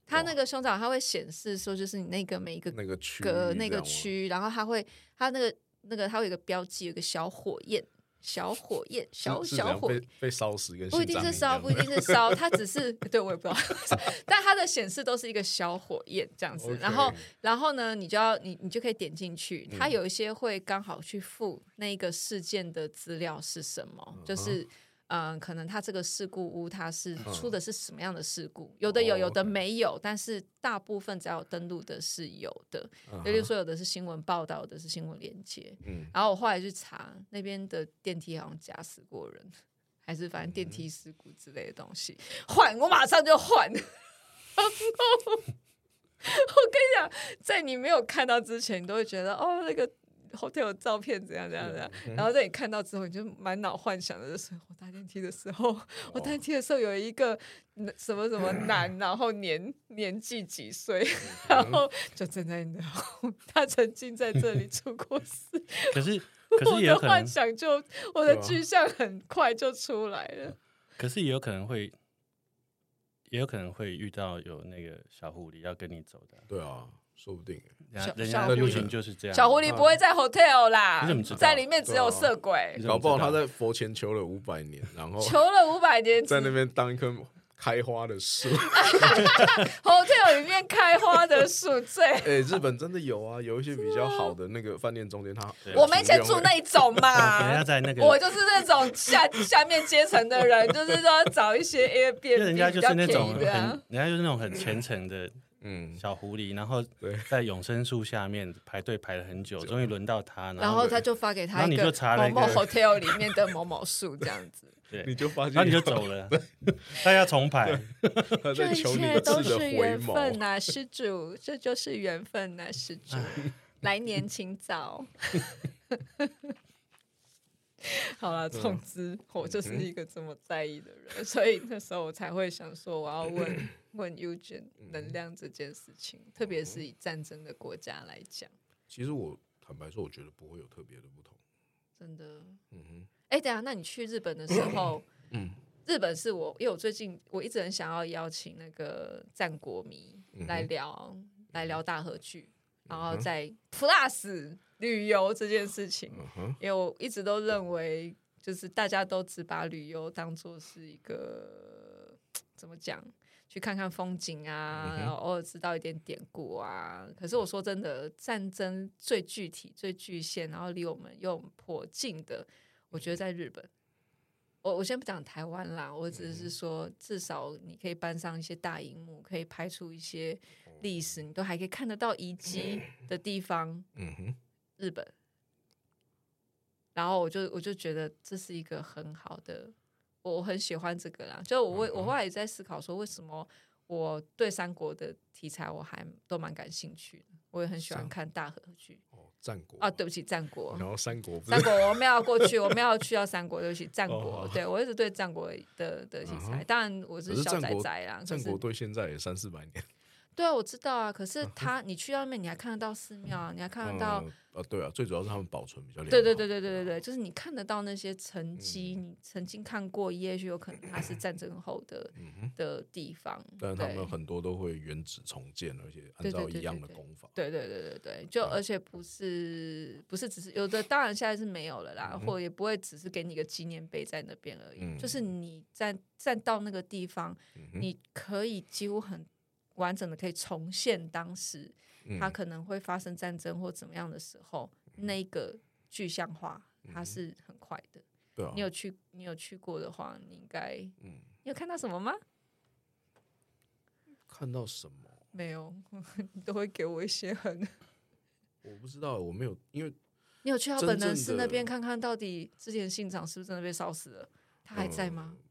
S1: 他那個凶宅他會顯示說，就是你那個每一個格那個那個區，那個區，然後他會他那個那個他會有個標記，有個小火焰。小火焰，小小火焰，被燒死跟不一定是燒，不一定是燒，它只是 對，我也不知道， 但它的顯示都是一個小火焰這樣子。Okay. 然後，然後呢，你就要你你就可以點進去，它有一些會剛好去附那一個事件的資料是什麼，嗯、就是。嗯嗯、呃，可能他這個事故屋，他是出的是什麼樣的事故？嗯、有的有、哦，有的沒有，okay. 但是大部分只要登錄的是有的，也就是說，有的是新聞報道的，是新聞鏈接。嗯。然後我後來去查，那邊的電梯好像夾死過人，還是反正電梯事故之類的東西。嗯、換我馬上就換。哦 我跟你講，在你沒有看到之前，你都會覺得哦那個。後天有照片，怎樣怎樣怎樣，然後在你看到之後，你就滿腦幻想的，就是我搭電梯的時候，我搭電，電梯的時候有一個男什麼什麼男，然後年年紀幾歲，然後就正在那，他曾經在這裡出過事。 可是， 我的幻想，就我的具象很快就出來了。
S4: 可是也有可能會，也有可能會遇到有那個小狐狸要跟你走的。對啊，說不定。小狐狸就是這樣，小狐
S1: 狸不會在 hotel 啦，啊、你怎麼知道？在裡面只有色鬼、啊。搞不好他
S3: 在佛前求了五百年，然後求
S1: 了五百年，在那
S3: 邊當一棵開花的樹。
S1: hotel 裡面開花的樹最。哎、
S3: 欸，日本真的有啊，有一些比較好的那個飯店中間，他我沒錢住那一
S1: 種嘛。 我就是那種下下面階層的人，就是說找一些 Airbnb。人家就是那種、
S3: 啊、人家就是那
S4: 種很虔誠、嗯、的。嗯，小狐狸，然後在永生樹下面排隊排了很久，終於輪到他，然後，就然後他就
S1: 發給他，那你就查了某某 hotel 裡面的某某，某樹這樣
S4: 子，對你就發現，那你就走了，大 家重排，他
S1: 在求你一這一切都是緣分吶，施主，這就是緣分吶，施主， 來年請早。 好啦，啊、總之我就是一個這麼在意的人，嗯、所以那時候我才會想說，我要問、嗯、問 Eugeon 能量這件事情，嗯、特別是以戰爭的國家來講、
S3: 嗯。其實我坦白說，我覺得不會有特別的不同。
S1: 真的，嗯哼。哎、欸，對啊，那你去日本的時候，嗯，嗯，日本是我，因為我最近我一直很想要邀請那個戰國迷來聊，嗯、來聊大和劇。然後再 plus 旅遊這件事情，uh -huh. 因為我一直都認為，就是大家都只把旅遊當做是一個怎麼講，去看看風景啊，uh -huh. 然後偶爾知道一點典故啊。可是我說真的，戰爭最具體、最局限，然後離我們又頗近的，我覺得在日本。我我先不講台灣啦，我只是說，至少你可以搬上一些大熒幕，可以拍出一些歷史，你都還可以看得到遺跡的地方，嗯哼，日本，然後我就我就覺得這是一個很好的，我我很喜歡這個啦。就我我後來也在思考說，為什麼？我對三國的題材我還都蠻感興趣的，我也很喜歡看大河劇。哦，戰國啊，哦，對不起，戰國。然後三國，三國我沒有要過去，我沒有要去到三國， 對不起，戰國。對，我一直對戰國的的題材，啊，當然我是小宅宅啦戰。戰國
S3: 對，現在也三四百年。
S1: 對啊，我知道啊，可是他，啊、你去外面你還看得到寺廟、啊嗯，你還看得到、嗯嗯
S3: 嗯、啊，對啊，最主要是他們保存比較厲害。對
S1: 對對對對對對，就是你看得到那些沉積、嗯，你曾經看過，也許有可能它是戰爭後的、嗯、的地方，但是他們很多
S3: 都會原址重建，而且按照一樣的工法。
S1: 對對對對對，對對對對對就而且不是、嗯、不是只是有的，當然現在是沒有了啦，嗯、或也不會只是給你個紀念碑在那邊而已、嗯，就是你站站到那個地方，嗯、你可以幾乎很。完整的可以重現當時他可能會發生戰爭或怎麼樣的時候，嗯、那個具象化，它是很快的。嗯、你有去、嗯、你有去過的話，你應該、嗯、你有看到什麼嗎？
S3: 看到什麼？
S1: 沒有， 你都會給我一些很 ……
S3: 我不知道，我沒有，因為你有去到本能寺那
S1: 邊看看，到底織田信長是不是真的被燒死了？
S3: 他還在嗎？嗯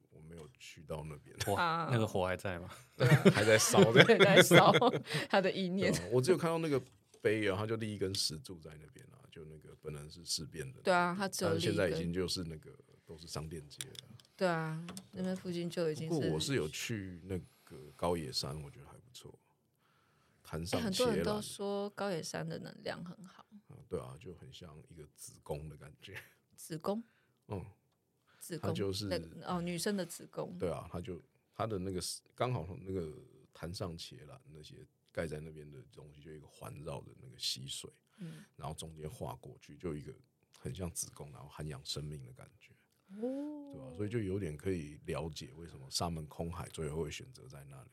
S3: 去到那邊，哇、uh,，那個火還在嗎？對啊、 還在燒着，還在燒。他的意念、啊，我只有看到那個碑、啊，然後就立一根石柱在那邊啊，就那個本來是事變的，對啊，他走現在已經就是那個都是商店街了。
S1: 對啊，那邊附近就已經是。不過我是
S3: 有去那個高野山，我覺得還不錯。上、欸、很多人都
S1: 說高野山的能量很好。
S3: 對啊，就很像一個子宮的感覺。
S1: 子宮。嗯。
S3: 她就是、那個、哦，
S1: 女生的子宮。對啊，
S3: 她就她的那個剛好從那個潭上切了那些蓋在那邊的東西，就一個環繞的那個溪水，嗯，然後中間劃過去，就一個很像子宮，然後涵養生命的感覺，
S2: 哦，對吧、
S3: 啊？所以就有點可以了解為什麼沙門空海最後會選擇在那裡，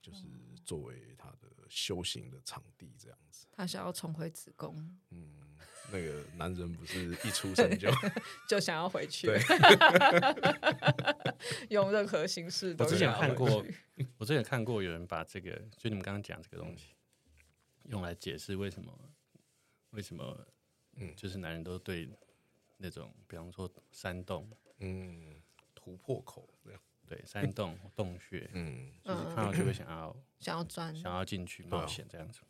S3: 就是作為他的修行的場地這樣
S1: 子。嗯、他想要重回子宮，嗯。
S3: 那個男人不是一出生就
S1: 就想要回去， 用任何形式。我之前看過，
S4: 我之前看過有人把這個，就你們剛剛講這個東西，用來解釋為什麼為什麼，嗯，就是男人都對那種，比方說山洞，嗯，突破口這樣，對對，山洞洞穴，嗯，就是、看到就會想
S3: 要
S1: 想要鑽，想要
S3: 進去冒險這樣子。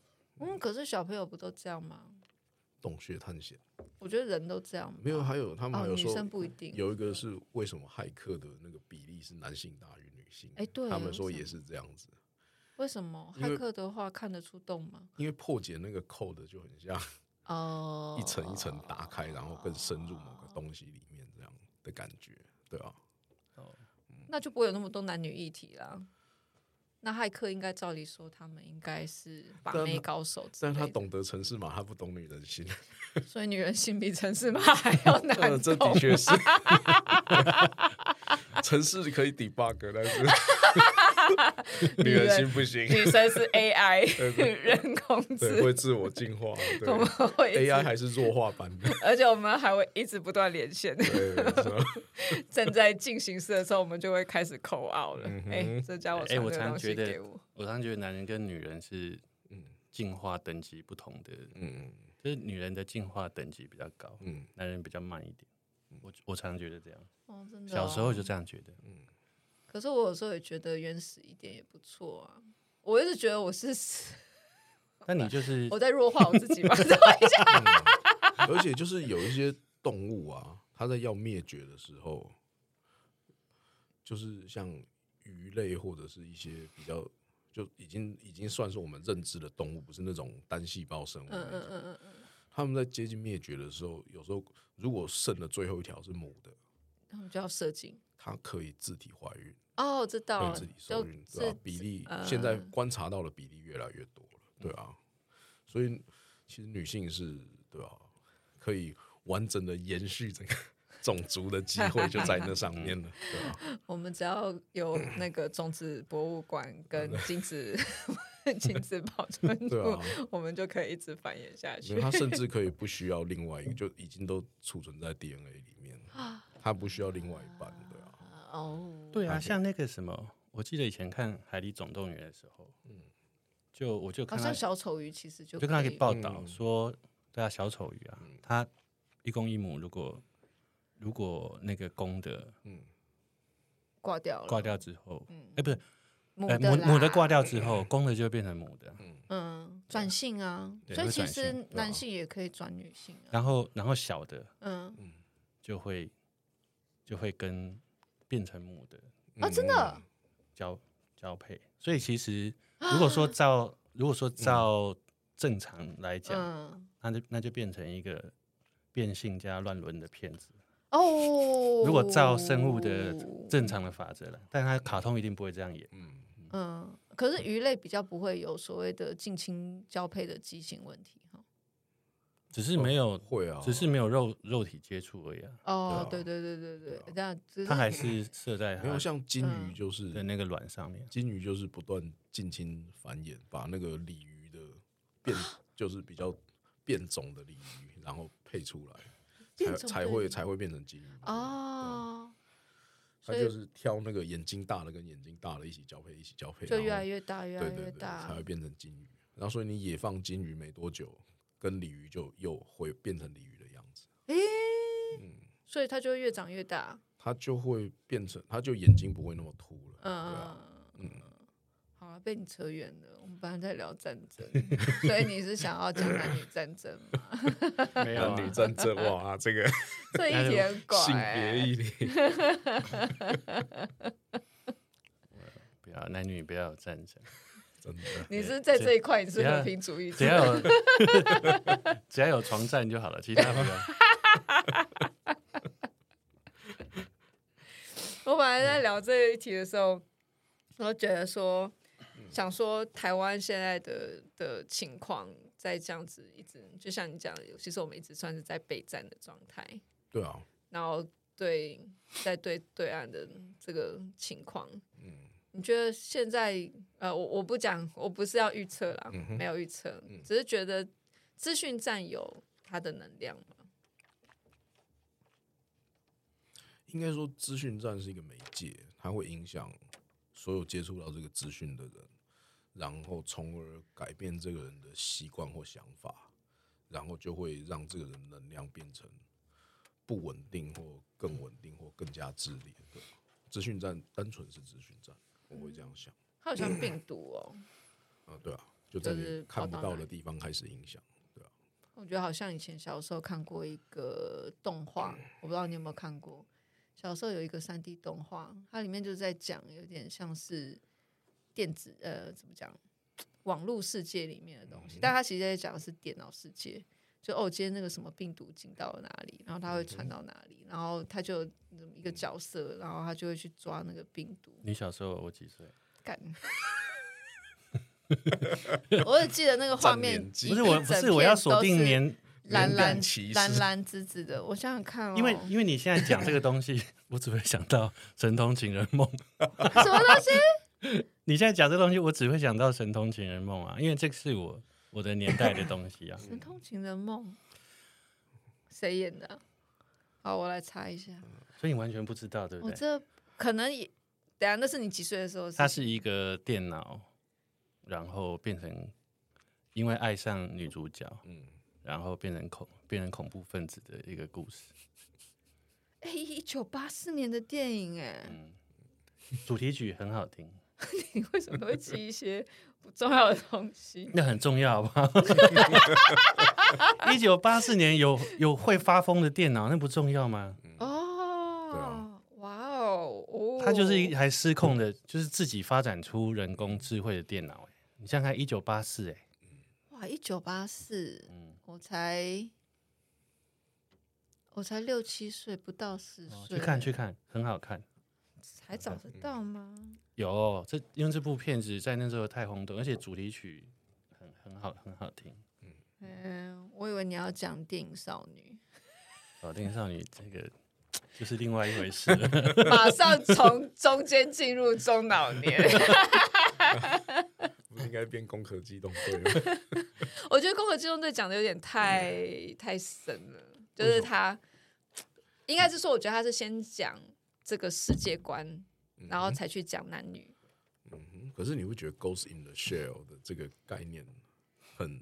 S3: 嗯，
S1: 可是小朋友不都這樣嗎？
S3: 洞穴探險，
S1: 我覺得人都這樣。
S3: 沒有，還有他們還有說、哦，有一個是為什麼駭客的那個比例是男性大於女性？哎、欸，對、哦，他們說也是這樣子。
S1: 為什麼？駭客的話看得出洞嗎？
S3: 因為破解那個扣的就很像
S1: 哦，一層一
S3: 層打開、哦，然後更深入某個東西裡面這樣的感覺，對吧、啊？哦，
S1: 那就不會有那麼多男女議題啦。那駭客應該照理說，他們應該是把妹高手但，
S3: 但他懂得程式碼，他不懂女人心，
S1: 所以女人心比程式碼還要難、 嗯。這的確是，
S3: 程式碼可以 debug，但是。 女人心 不行，女生
S1: 是 AI 女 人工智慧會
S3: 自我進化
S1: 對 ，AI 還是弱化版本，而且我們還會一直不斷連線。 正在進行式的時候，我們就會開始口傲了。哎、嗯欸，這叫我哎、欸，我常、常覺得
S4: 我，我常覺得男人跟女人是嗯進化等級不同的，嗯嗯，就是女人的進化等級比較高，嗯，男人比較慢一點。我、我常常覺得這樣，哦啊，小時候就這樣覺得，嗯。
S1: 可是我有時候也覺得原始一點也不錯啊！我一直覺得我是……死，
S3: 那你就是我在弱化我自己嗎？等我一下，而且就是有一些動物啊，它在要滅絕的時候，就是像魚類或者是一些比較就已經已經算是我們認知的動物，不是那種單細胞生物。嗯嗯嗯嗯嗯，他們在接近滅絕的時候，有時候如果剩的最後一條是母的，
S1: 那、嗯、我就要射精。
S3: 它可以自體懷孕哦。知道了，自體受孕，對啊、比例、呃、現在觀察到的比例越來越多了，嗯、對啊，所以其實女性是對啊，可以完整的延續這個種族的機會就在那上面了， 對啊。
S1: 我們只要有那個種子博物館跟精子精 子保存庫、 啊，我們就可以一直繁衍下去。它甚至可
S3: 以不需要另外一個，就已經都儲存在 DNA 裡面了，它 不需要另外一半了。
S1: 哦、嗯，
S4: 對啊，像那個什麼，我記得以前看
S3: 《海底總動員》的
S4: 時候，嗯，就我就看好像小丑魚，其實就可以就跟他給報道說、嗯，對啊，小丑魚啊，它、嗯、一公一母，如果如果那個公的，嗯，
S1: 掛掉了，掛掉之後，哎、
S4: 嗯，欸、不是母的、欸，母的掛掉之後、嗯，公的就會變成母的，嗯
S1: 嗯，轉、啊、性啊，所以其實男性、啊、也可以轉女性、
S4: 啊，然後然後小的，嗯
S1: 嗯，
S4: 就會就會跟。變成母的啊，真的，的交交配，所以其實如果說照如果說照正常來講，那、嗯、就那就變成一個變性加亂倫的騙子
S2: 哦。
S1: 如果照
S4: 生物的正常的法則來，但它卡通一定不會這樣演。嗯嗯，嗯，
S1: 嗯，可是魚類比較不會有所謂的近親交配的畸形問題。
S4: 只是沒有、哦、會啊，只是沒有肉肉體接觸而已、啊。哦、對、啊、對、
S1: 啊、對、啊、對對、啊，它還是
S3: 設在沒有像金魚，就是在、嗯、那個卵上面。金魚就是不斷近親繁衍，把那個鯉魚的變就是比較變種的鯉魚，然後配出來，
S2: 才
S3: 才會才會變成金魚。哦，它、啊、就是挑那個眼睛大的跟眼睛大的一起交配，一起交配，就越來越
S1: 大，越來越大，對對對才會變成
S3: 金魚。然後所以你野放金魚沒多久跟鯉魚就又會變成鯉魚的樣子，欸嗯、
S1: 所以它就會越長越大，
S3: 它就會變成，它就眼睛不會那麼凸了。
S1: 嗯、啊、嗯，好、啊、被你扯遠了，我們本來在聊戰爭， 所以你是想要講男女戰爭嗎？
S4: 沒
S2: 有、啊，女戰爭哇、啊，這個
S3: 這一點怪哎，性別一點，
S4: 不要男女不要戰爭。 嗯、你是在這一塊，你是和平主義者。只要有，只 要有床站就好了，其他。
S1: 我本來在聊這一題的時候，我覺得說，想說台灣現在的的情況，在這樣子一直，就像你講的，其實我們一直算是在備戰的狀態。對啊。然後對，在對對岸的這個情況，嗯。你覺得現在呃，我我不講，我不是要預測啦、嗯，沒有預測、嗯，只是覺得資訊戰有它的能量嗎？
S3: 應該說，資訊戰是一個媒介，它會影響所有接觸到這個資訊的人，然後從而改變這個人的習慣或想法，然後就會讓這個人能量變成不穩定或更穩定或更加激烈。資訊戰單純是資訊戰。我會這樣想，它、嗯、好像病毒哦、嗯啊。啊，對啊，就是看不到的地方開始影響，對啊，
S1: 我覺得好像以前小時候看過一個動畫、嗯，我不知道你有沒有看過。小時候有一個三 D 動畫，它裡面就是在講，有點像是電子呃，怎麼講，網絡世界裡面的東西，嗯、但它其實在講的是電腦世界。就哦，今天那個什麼病毒進到了哪裡，然後他會傳到哪裡，然後他就有一個角色，然後他就會去抓那個病毒。
S4: 你小時候我幾歲？
S1: 我只記得那個畫面，不是我，不是我要鎖定年藍藍旗藍藍紫紫的。我想想看、哦，因為
S4: 因為你現在講這， 東 這個東西，我只會想到《神通情人夢》。什麼東西？你現在講這個東西，我只會想到《神通情人夢》啊，因為這個是我。我的年代的東西啊， 《神
S1: 通情人夢》誰演的？好，我來查一下，嗯。
S4: 所以你完全不知道，對不對？我這
S1: 可能也，等下那是你幾歲的時候？它
S4: 是一個電腦，然後變成因為愛上女主角，嗯，然後變成恐變成恐怖分子的一個故事。
S1: 哎，一九八四年的電影哎，嗯，
S4: 主題曲很好聽。
S1: 你為什麼會記一些不重要的東西，那很重要好不好？一九
S4: 八四年有有會發瘋的電腦，那不重要嗎？
S2: 哦，哦哇
S1: 哦，哦，他就是一
S4: 台失控的，就是自己發展出人工智慧的電腦。哎，你想看一九八四，哎，哇，一
S1: 九八四，我才我才六七歲，不到四歲，哦，去看
S4: 去看，很好看。
S1: 還找得到嗎
S4: ？Okay. 有這，因為這部片子在那時候太轟動，而且主題曲很，很好，很好聽。
S1: 嗯，欸、我以為你要講電影少女。
S4: 哦、電影少女這個就是另外一回事了。
S3: 馬上從
S1: 中間進入中老年。
S3: 不 應該變《攻殼機動隊》。
S1: 我覺得《攻殼機動隊》講的有點太、嗯、太深了，就是他應該是說，我覺得他是先講。這個世界觀、嗯，然後才去講男女。
S3: 嗯、可是你會覺得 Ghost in the Shell 的這個概念很……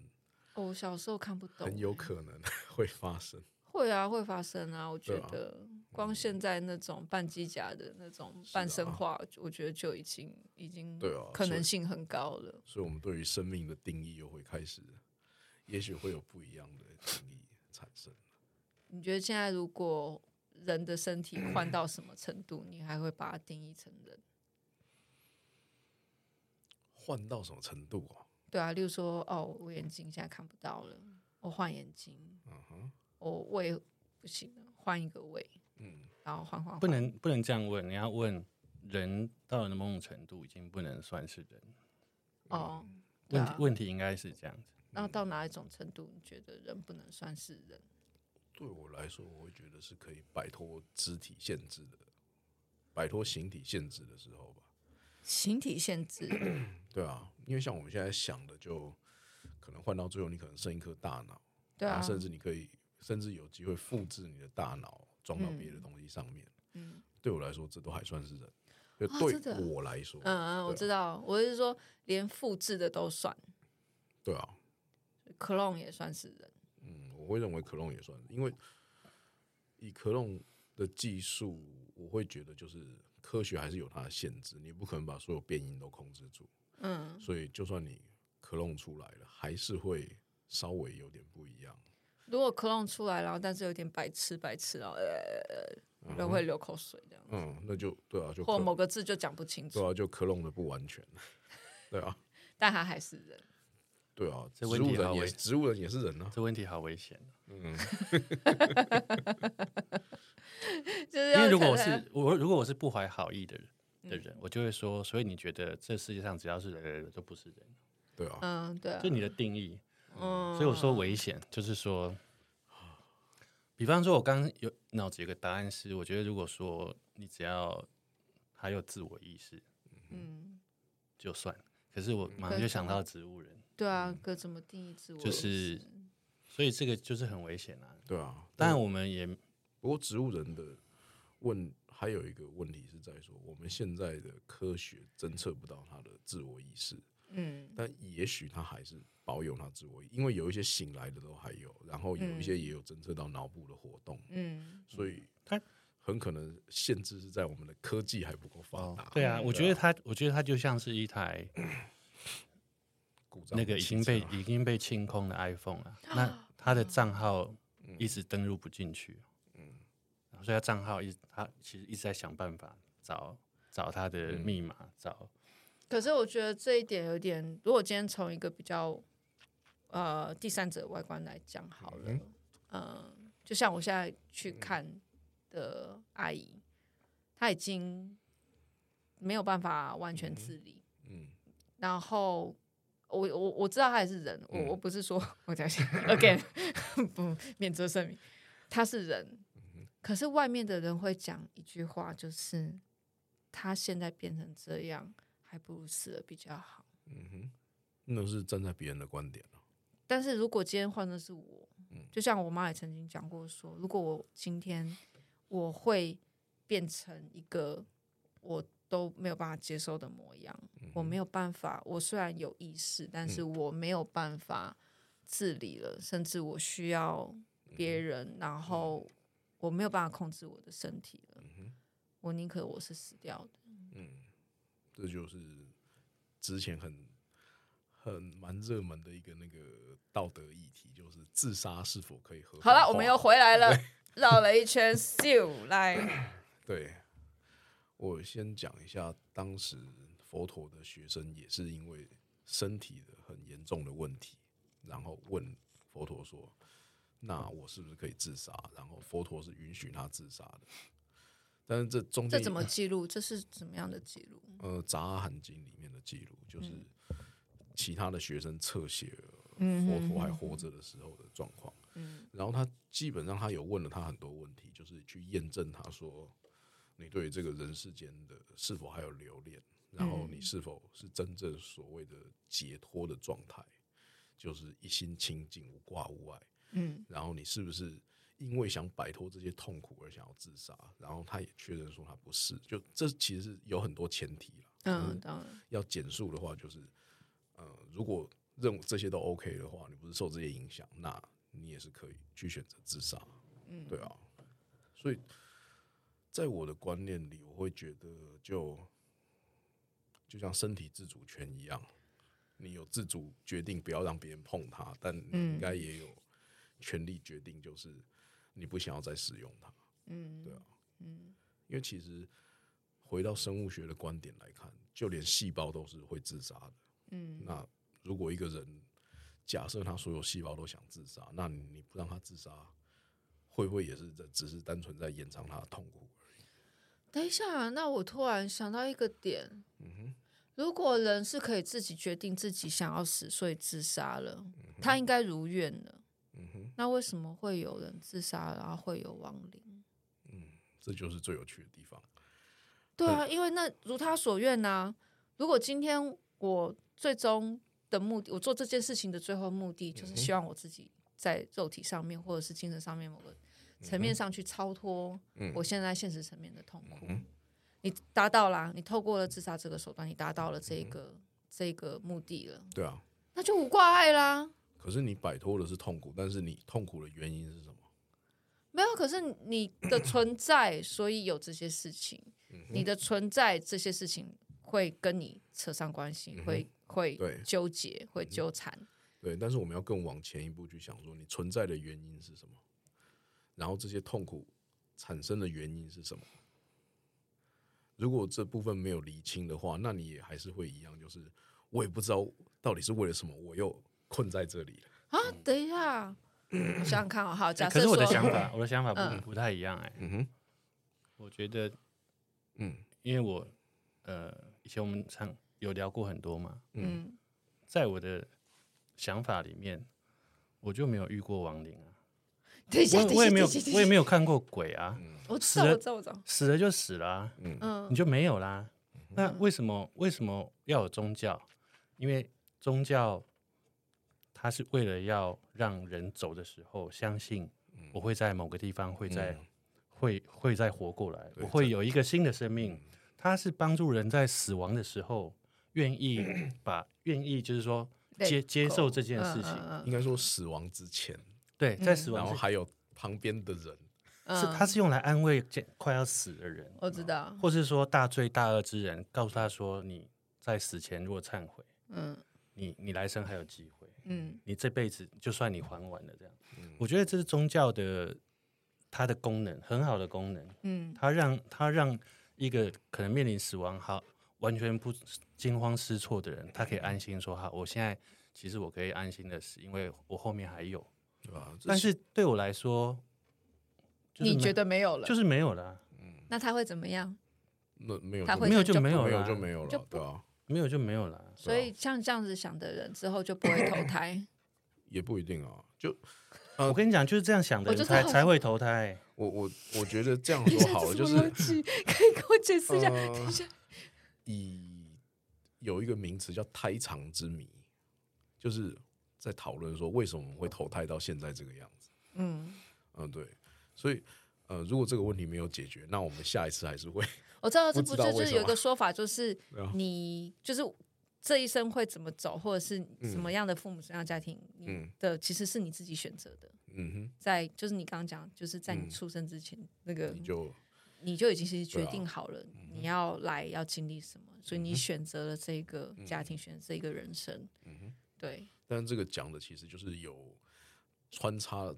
S1: 哦，小時候看不懂，很有可
S3: 能會發生。
S1: 會啊，會發生啊！我覺得、啊、光現在那種半機甲的那種半生化、啊，我覺得就已經已經對啊，可能性很高
S3: 了。啊、所以，所以我們對於生命的定義又會開始， 也許會有不一樣的定義產生。
S1: 你覺得現在如果？人的身體換到什麼程度，你還會把它定義成人？
S3: 換到什麼程度啊？
S1: 對啊，例如說，哦，我眼睛現在看不到了，我換眼睛。嗯哼，我胃不行了，換一個胃。嗯，然後換換，換。不
S3: 能不能
S4: 這樣問，你要問人到了某種程度已經不能算是人。
S1: 哦、oh, 嗯啊，問題問
S3: 題應該是這樣子。
S1: 那到哪一種程度，你覺得人不能算
S3: 是人？對我來說，我會覺得是可以擺脫肢體限制的，擺脫形體限制的時候吧。
S1: 形體限制？
S3: 對啊，因為像我們現在想的就，就可能換到最後，你可能剩一顆大腦，
S1: 對啊，然後甚至
S3: 你可以，甚至有機會複製你的大腦，裝到別的東西上面。嗯，對我來說，這都還算是人。哦、就對我來說，嗯嗯，
S1: 我知道，啊、我是說，連複製的都算。
S3: 對啊
S1: ，clone 也算是人。
S3: 我會認為克隆也算，因為以克隆的技術，我會覺得就是科學還是有它的限制，你不可能把所有變異都控制住。嗯，所以就算你克隆出來了，還是會稍微有點不一樣。如
S1: 果克隆出來，然後但是有點白痴，白痴哦，呃，都、嗯、會流口水這
S3: 樣子。嗯，那就對啊，就 clone, 或某個字就講不清楚，對啊，就克隆的不完全， 對啊，
S1: 但他還是人。
S3: 對啊，這問題也是植物人也是人呢，、啊啊、這問題好危險、啊。
S4: 嗯， 因為如果我是我如果我是不懷好意的人、嗯、的人，我就會說，所以你覺得這世界上只要是人類的都不是人？對啊，嗯，對、啊，就你的定義。嗯、
S1: 所以我說
S4: 危險、嗯，就是說，比方說我剛剛，我剛有腦子有個答案是，我覺得如果說你只要還有自我意識，
S1: 嗯，
S4: 就算了。可是我馬上就想到植物人。
S1: 嗯嗯。對啊，哥怎麼定義自我、嗯？就是，
S4: 所以這個就是很
S3: 危險啊。對啊，但我們也，不過植物人的問，還有一個問題是在說，我們現在的科學偵測不到他的自我意識。嗯，但也許他還是保有他自我意識，因為有一些醒來的都還有，然後有一些也有偵測到腦部的活動。嗯，所以他很可能限制是在我們的科技還不夠發達、哦。對啊，我覺得
S4: 他，我覺得他就像是一台。
S3: 那個已經被
S4: 已經被清空的 iPhone 了，那他的賬號一直登入不進去，嗯，所以他賬號一他其實一直在想辦法找找他的密碼，找。
S1: 可是我覺得這一點有點，如果今天從一個比較呃第三者外觀來講，好了，嗯、呃，就像我現在去看的阿姨，她已經沒有辦法完全自理，嗯，嗯然後。我我我知道他也是人，我、嗯、我不是說我在想 OK，不免責聲明，他是人、嗯，可是外面的人會講一句話，就是他現在變成這樣，還不如死了比較好。嗯
S3: 哼，那是站在別人的觀點了。
S1: 但是如果今天換的是我，就像我媽也曾經講過說，如果我今天我會變成一個我，都沒有辦法接受的模樣、嗯，我沒有辦法。我雖然有意識，但是我沒有辦法自理了，嗯、甚至我需要別人、嗯。然後我沒有辦法控制我的身體了，嗯、我寧可我是死掉的。嗯，
S3: 這就是之前很很蠻熱門的一個那個道德議題，就是自殺是否可以合法化。好了，我們又回來了，
S1: 繞了一圈，See you 來
S3: 對。我先講一下，當時佛陀的學生也是因為身體的很嚴重的問題，然後問佛陀說：“那我是不是可以自殺？”然後佛陀是允許他自殺的。但是這中間這怎麼記
S1: 錄？ 這是怎麼樣的記錄？
S3: 呃，《雜阿含經》裡面的記錄就是其他的學生側寫
S1: 佛陀還活
S3: 着的時候的狀況。嗯。然後他基本上他有問了他很多問題，就是去驗證他說。你對這個人世間的是否還有留戀？然後你是否是真正所謂的解脫的狀態，嗯？就是一心清淨，無掛無礙。嗯。然後你是不是因為想擺脫這些痛苦而想要自殺？然後他也確認說他不是。就這其實是有很多前提啦，嗯，當然。要簡述的話，就是，嗯、呃，如果認為這些都 OK 的話，你不是受這些影響，那你也是可以去選擇自殺。嗯，對啊。所以。在我的觀念裡，我會覺得就就像身體自主權一樣，你有自主決定不要讓別人碰它，但你應該也有權利決定，就是你不想要再使用它。嗯，對啊，嗯，因為其實回到生物學的觀點來看，就連細胞都是會自殺的。嗯，那如果一個人假設他所有細胞都想自殺，那你，你不讓他自殺，會不會也是在只是單純在延長他的痛苦？
S1: 等一下、啊，那我突然想到一個點、嗯，如果人是可以自己決定自己想要死，所以自殺了、嗯，他應該如願了、嗯。那為什麼會有人自殺，然後會有亡靈？
S3: 嗯，這就是最有趣的地方。
S1: 對啊，啊，因為那如他所願吶、啊。如果今天我最終的目的，我做這件事情的最後目的，就是希望我自己在肉體上面、嗯、或者是精神上面某個。層面上去超脫，我現在現實層面的痛苦，你達到了，你透過了自殺這個手段，你達到了這一個這個目的了。對啊，那就無掛礙啦。
S3: 可是你擺脫的是痛苦，但是你痛苦的原因是什麼？
S1: 沒有，可是你的存在，所以有這些事情。你的存在，這些事情會跟你扯上關係，會會糾結，會糾纏。
S3: 對，但是我們要更往前一步去想，說你存在的原因是什麼？然後這些痛苦產生的原因是什麼？如果這部分沒有釐清的話，那你也還是會一樣，就是我也不知道到底是為了什麼，我又困在這裡
S1: 了啊、嗯！等一下， 我
S3: 想想看，好，假、欸、可是我的想法， 我的想法不、嗯、不太一樣、欸，哎，嗯哼，我覺得，
S4: 嗯，因為我呃，以前我們常有聊過很多嘛，嗯，在我的想法裡面，我就沒有遇過亡靈啊。
S1: 我，我也沒有，我也沒有
S4: 看過鬼啊。我、嗯、死了我知道、我知道、我知道，死了就死了、啊嗯。你就沒有啦。那為什麼、嗯？為什麼要有宗教？因為宗教，它是為了要讓人走的時候相信，我會在某個地方會再、嗯、會會再活過來、嗯，我會有一個新的生命。嗯、它是幫助人在死亡的時候願意把、嗯、願意，就是說接接受這件事情。應該說死亡之前。對，在死亡，然後還
S3: 有旁邊的人，
S1: 是他是
S4: 用來安慰快要死的人，
S1: 我知道，或
S4: 是說大罪大惡之人，告訴他說：“你在死前如果懺悔，
S1: 嗯，
S4: 你你來生還有機會，嗯，你這輩子就算你還完了，這樣、嗯，我覺得這是宗教的它的功能，很好的功能，嗯，它讓它讓一個可能面臨死亡、好完全不驚慌失措的人，他可以安心說：‘好，我現在其實我可以安心的死，因為我後面還有。’是但是對我來說、
S1: 就是，你覺得沒有了，就是沒有了。嗯，那他會怎麼樣？
S4: 那
S3: 沒有，他會沒有就沒有了就沒
S4: 有了，對啊，沒有就沒有了、
S1: 啊。所以像這樣子想的人，之後就不會投胎。
S4: 也不一定啊，就，呃、我跟你講，就是這樣
S3: 想的人才才會投胎。我我我覺得這樣說好了， 就是
S1: 可
S2: 以給我解釋一下、呃。等一下，
S3: 以有一個名詞叫“胎藏之謎”，就是。在討論說為什麼我們會投胎到現在這個樣子、嗯？嗯嗯，對，所以呃，如果這個問題沒有解決，那我們下一次還是會知、啊、我知道這不就是、就是有一個說
S1: 法，就是你就是這一生會怎麼走，或者是什麼樣的父母、什麼樣的家庭，嗯，的其實是你自己選擇的。嗯哼，在就是你剛剛講，就是在你出生之前，那個你就你就已經是決定好了你要來要經歷什麼，所以你選擇了這個家庭，選擇這一個人生。嗯
S3: 哼。對，但這個講的其實就是有穿插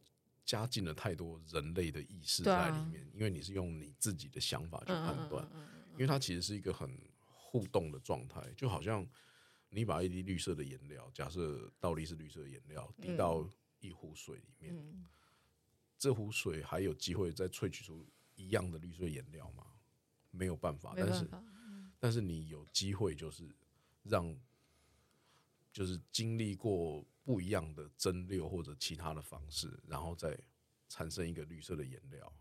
S3: 加進了太多人類的意識、啊、在裡面，因為你是用你自己的想法去判斷、嗯嗯嗯嗯嗯，因為它其實是一個很互動的狀態，就好像你把一滴綠色的顏料，假設倒立是綠色的顏料、嗯、滴到一壺水裡面、嗯，這壺水還有機會再萃取出一樣的綠色的顏料嗎？沒有辦法，沒辦法但是、嗯、但是你有機會就是讓。就是經歷過不一樣的蒸餾或者其他的方式，然後再產生一個綠色的顏料、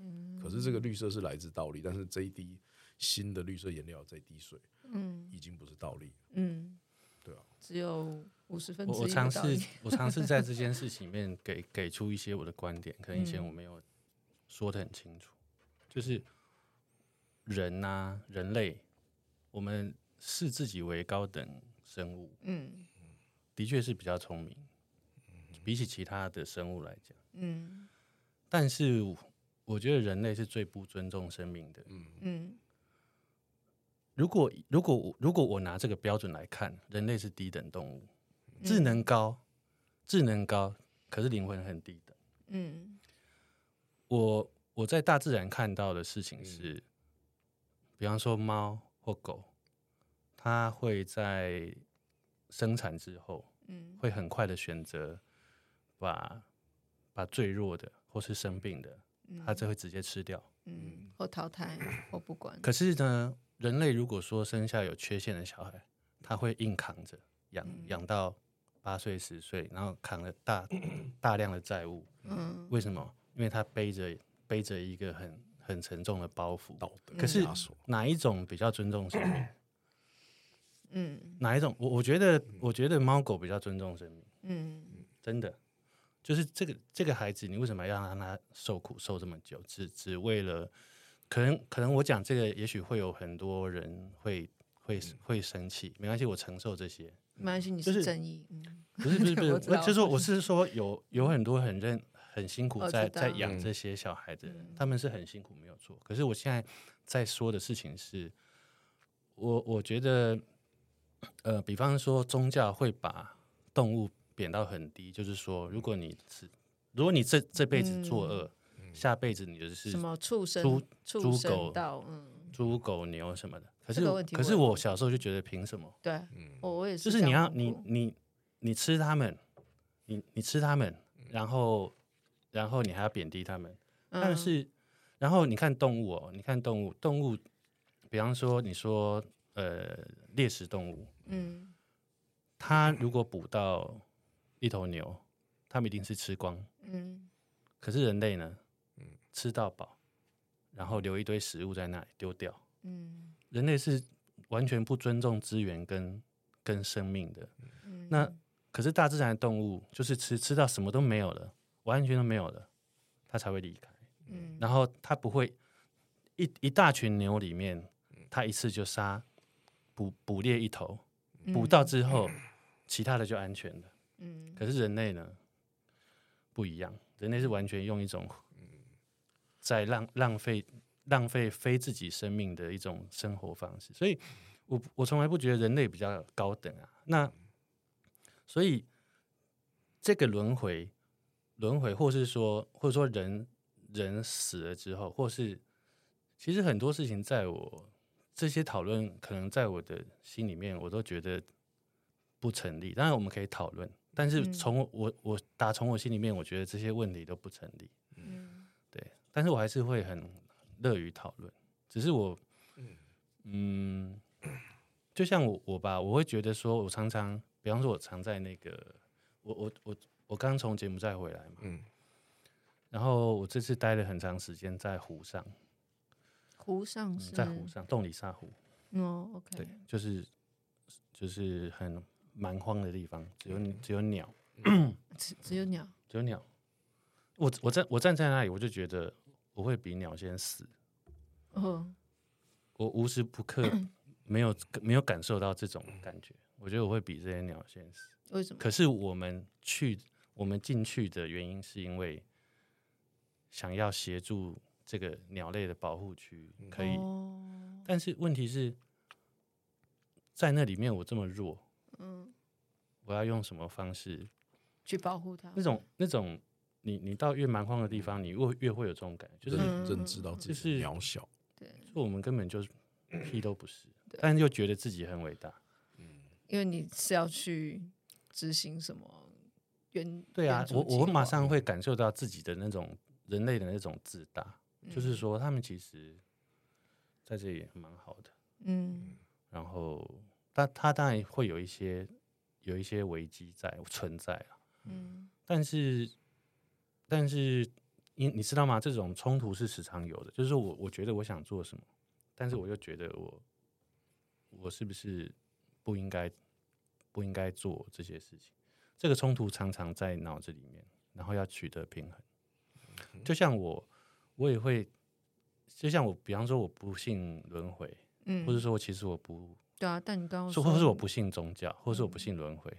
S3: 嗯。可是這個綠色是來自倒立，但是這一滴新的綠色顏料在滴水、嗯，已經不是倒立。嗯，對啊，
S1: 只有五十分之一。我嘗試，我嘗試在這
S3: 件事情裡面給 給出一
S4: 些我的觀點，可能以前我沒有說的很清楚、嗯，就是人啊，人類，我們視自己為高等。生物，
S2: 嗯，
S4: 的確是比較聰明，比起其他的生物來講，嗯，但是我覺得人類是最不尊重生命的，嗯。如果如果我如果我拿這個標準來看，人類是低等動物，智能高，嗯。智能高，可是靈魂很低等，嗯。我我在大自然看到的事情是，嗯。比方說貓或狗。他會在生產之後，嗯、會很快的選擇把把最弱的或是生病的，嗯、他就會直接吃掉，嗯、
S1: 或淘汰， 或不管。可
S4: 是呢，人類如果說生下有缺陷的小孩，他會硬扛着養、嗯、養到八歲十歲，然後扛了大大量的債務、嗯，為什麼？因為他背着背着一個很很沉重的包袱。可是哪一種比較尊重生命？嗯，哪一種？我我覺得、嗯，我覺得貓狗比較尊重生命。
S2: 嗯，
S4: 真的，就是這個這個孩子，你為什麼要讓他，他受苦受這麼久？只只為了，可能可能我講這個，也許會有很多人會會、嗯、會生氣。沒關係，我承受這些。嗯、
S1: 沒關係，你是正義。就是、嗯，不是不是不是，不是 就是說我
S4: 是說有，有有很多很認很辛苦在在養這些小孩的人、嗯，他們是很辛苦，沒有錯。可是我現在在說的事情是，我我覺得。呃，比方說宗教會把動物貶到很低，就是說，如果你是，如果你這這輩子作惡、嗯，下輩子你就是什麼畜生、豬、豬狗、嗯、豬狗牛什麼的。可是，這個、可是我小時候就覺得，憑什麼？
S1: 對、啊嗯哦，我也是。就是你要你
S4: 你你吃它們，你你吃它們，然後然後你還要貶低它們。但是、嗯，然後你看動物哦，你看動物，動物，比方說你說呃，獵食動物。嗯，他如果捕到一頭牛，他們一定是吃光。嗯，可是人類呢？嗯，吃到飽，然後留一堆食物在那裡丟掉。嗯，人類是完全不尊重資源跟跟生命的。嗯，那嗯可是大自然的動物，就是吃吃到什麼都沒有了，完全都沒有了，他才會離開。嗯，然後他不會一一大群牛裡面，他一次就殺捕捕獵一頭。補到之後、嗯嗯，其他的就安全了。嗯，可是人類呢，不一樣，人類是完全用一種在浪浪費浪費非自己生命的一種生活方式。所以，我我從來不覺得人類比較高等啊。那所以這個輪迴，輪迴，或是說，或者說人人死了之後，或是其實很多事情，在我。這些討論可能在我的心裡面，我都覺得不成立。當然，我們可以討論，但是從我、嗯、我，我打從我心裡面，我覺得這些問題都不成立。嗯，對。但是我還是會很樂於討論，只是我，嗯，就像我我吧，我會覺得說，我常常，比方說，我常在那個，我我我我剛從柬埔寨回來嘛，嗯，然後我這次待了很長時間在湖上。
S1: 湖上是、嗯、在湖上，
S4: 洞里沙湖哦、
S1: oh,，OK，對，
S4: 就是就是很蠻荒的地方，只有、okay. 只有鳥，
S1: 只只有鳥，
S4: 只有鳥。我我站我站在那裡，我就覺得我會比鳥先死。
S1: 哦、oh.，
S4: 我無時不刻沒有 沒有感受到這種感覺，我覺得我會比這些鳥先死。為什麼？可是我們去我們進去的原因，是因為想要協助。這個鳥類的保護區可以、哦，但是問題是，在那裡面我這麼弱，嗯，我要用什麼方式
S1: 去保護它？那種
S4: 那種你，你你到越蠻荒的地方，嗯、你越越會有這種感覺，就是認、嗯、知到自己渺小，就是、對，就我們根本就是屁都不是，但又覺得自己很偉大，嗯，
S1: 因為你是要去執行什麼原，對
S4: 啊，我我馬上會感受到自己的那種人類的那種自大。就是說，他們其實在這裡蠻好的，嗯。然後，但他，他當然會有一些有一些危機在存在了啊，嗯。但是，但是，你你知道嗎？這種衝突是時常有的。就是我我覺得我想做什麼，但是我又覺得我我是不是不應該不應該做這些事情？這個衝突常常在腦子裡面，然後要取得平衡。就像我。我也會，就像我，比方說，我不信輪迴，嗯，或者說我其實我不，
S1: 對啊，但你剛剛說，或是我
S4: 不信宗教，嗯，或是我不信輪迴，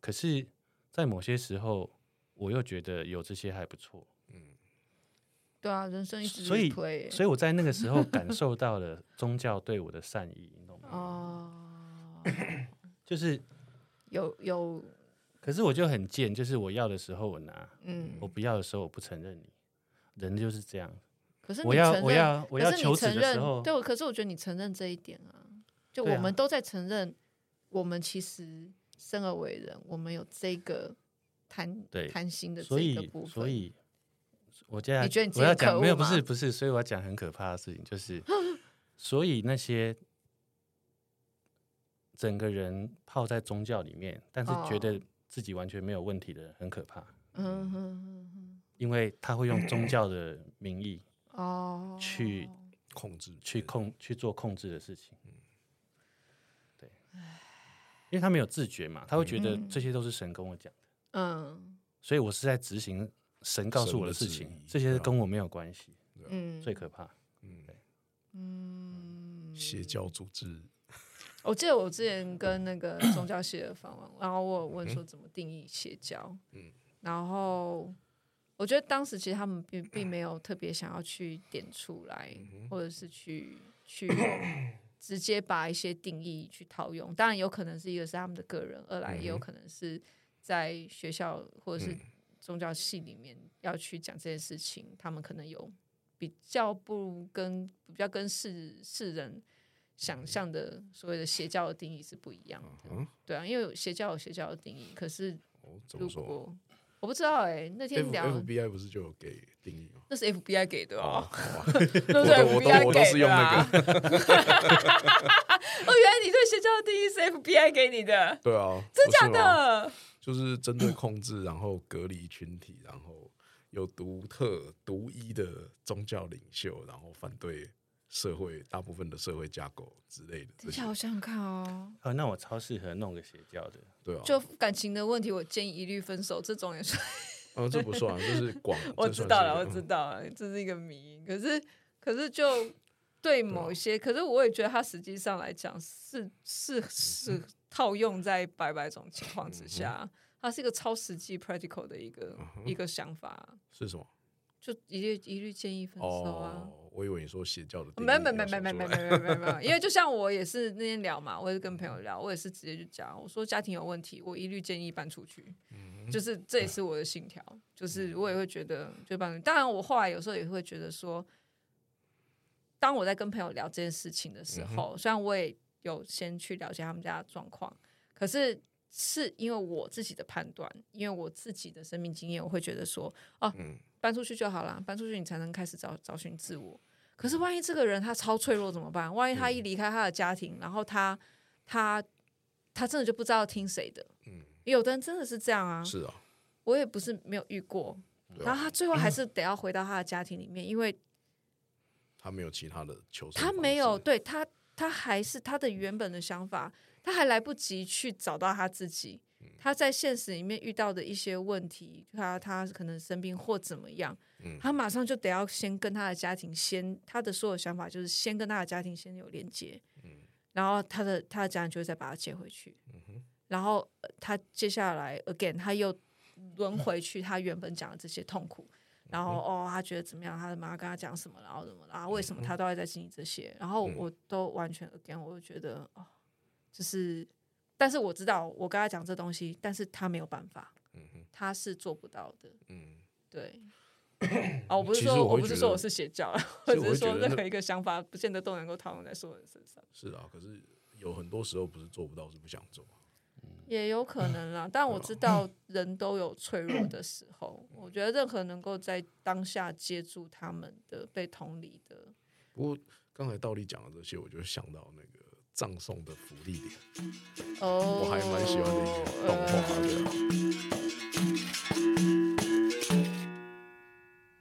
S4: 可是，在某些時候，我又覺得有這些還不錯，嗯，
S1: 對啊，人生一直一所以所以我
S4: 在那個時候感受到了宗教對我的善意，你
S1: 懂 嗎？哦， 就是有有，
S4: 可是我就很賤，就是我要的時候我拿，嗯，我不要的時候我不承認你。人就是這樣。可是你承認，我要，我要，我要求職的時候，對
S1: 我，可是我覺得你承認這一點啊，就我們都在承認，我們其實生而為人，我們有這個貪對貪心的這個部分。所以，所
S4: 以我覺得你覺得你自己可惡嗎？沒有，不是不是，所以我要講很可怕的事情，就是呵呵，所以那些整個人泡在宗教裡面，但是覺得自己完全沒有問題的人，很可怕。哦、嗯呵呵呵因為他會用宗教的名義
S2: 哦去、嗯、去
S4: 控、控制去控去做控制的事情、嗯，對，
S2: 因
S4: 為他沒有自覺嘛，他會覺得這些都是神跟我講的，嗯，所以我是在執行神告訴我的事情的，這些跟我沒有關係，嗯，最可怕，嗯、
S3: 嗯邪教組織。
S1: 我記得我之前跟那個宗教系的訪問、嗯，然後我有問說怎麼定義邪教，嗯，然後。我覺得當時其實他們並並沒有特別想要去點出來，或者是去去直接把一些定義去套用。當然，有可能是一個是他們的個人，二來也有可能是在學校或者是宗教系裡面要去講這件事情，他們可能有比較不跟比較跟世世人想象的所謂的邪教的定義是不一樣的。對啊，因為有邪教有邪教的定義，可是如果我不知道哎、欸，那天 FBI 不
S3: 是就有給定義
S1: 嗎？那是 FBI 給的哦、喔 oh,
S3: oh. 我都 我都是用那個。
S1: 哦，原來你對邪教的定義是 FBI 給你的？
S3: 對啊，真假的？就是針對控制，然後隔離群體，然後有獨特、獨 一的宗教領袖，然後反對。社會大部分的社會架構之類的，等一下
S1: 我想看哦。
S3: 啊，那我超適合弄個邪教的，對哦、啊、就
S1: 感情的問題，我建議一律分手，這種也算。哦，這不算，這 是廣我這是。我知道了，我知道了、嗯，這是一個謎。可是，可是，就對某些對、啊，可是我也覺得它實際上來講，是是是，是套用在百百種情況之下、嗯，它是一個超實際 practical 的一個、嗯、一個想法。是什麼？就一律一律建議分手啊。哦
S3: 我以為你說邪教的，沒有，沒，沒，沒，沒，沒，沒，沒有，沒有，因為
S1: 就像我也是那天聊嘛， 我也是跟朋友聊，我也是直接就講，我說家庭有問題，我一律建議搬出去，嗯、就是這也是我的信條、嗯，就是我也會覺得、嗯、就搬。當然，我後來有時候也會覺得說，當我在跟朋友聊這件事情的時候，嗯、雖然我也有先去了解他們家的狀況，可是是因為我自己的判斷，因為我自己的生命經驗，我會覺得說，哦、啊，搬出去就好了，搬出去你才能開始找找尋自我。可是萬一這個人他超脆弱怎麼辦？萬一他一離開他的家庭，嗯、然後他他他真的就不知道要聽誰的，嗯，有的人真的是這樣啊，是啊，我也不是沒有遇過。啊、然後他最後還是得要回到他的家庭裡面，嗯、因為
S3: 他沒有其他的求助，他沒
S1: 有，對他他還是他的原本的想法，他還來不及去找到他自己。嗯、他在現實裡面遇到的一些問題，他他可能生病或怎麼樣、嗯，他馬上就得要先跟他的家庭先，他的所有想法就是先跟他的家庭先有連接、嗯，然後他的他的家人就會再把他接回去，嗯、然後他接下來 again 他又輪回去他原本講的這些痛苦，嗯、然後哦他覺得怎麼樣，他的媽跟他講什麼，然後怎麼了，然後為什麼他都會在經歷這些，然後我都完全 again，我就覺得哦，就是。但是我知道，我跟他講這東西，但是他沒有辦法，嗯哼，他是做不到的。嗯，對。 哦，我不是說我，我不是說我是邪教，我只是說任何一個想法，不見得都能夠套
S3: 用在所有人身上。是啊，可是有很多時候不是做不到，是不想做啊，嗯。
S1: 也有可能啊， 但我知道人都有脆弱的時候。 我覺得任何能夠在當下接住他們的，被同理的。
S3: 不過剛才道理講的這些，我就想到那個。葬送的芙莉
S1: 蓮，oh, 我還蠻喜歡
S3: 的一個動畫
S2: 的。Uh...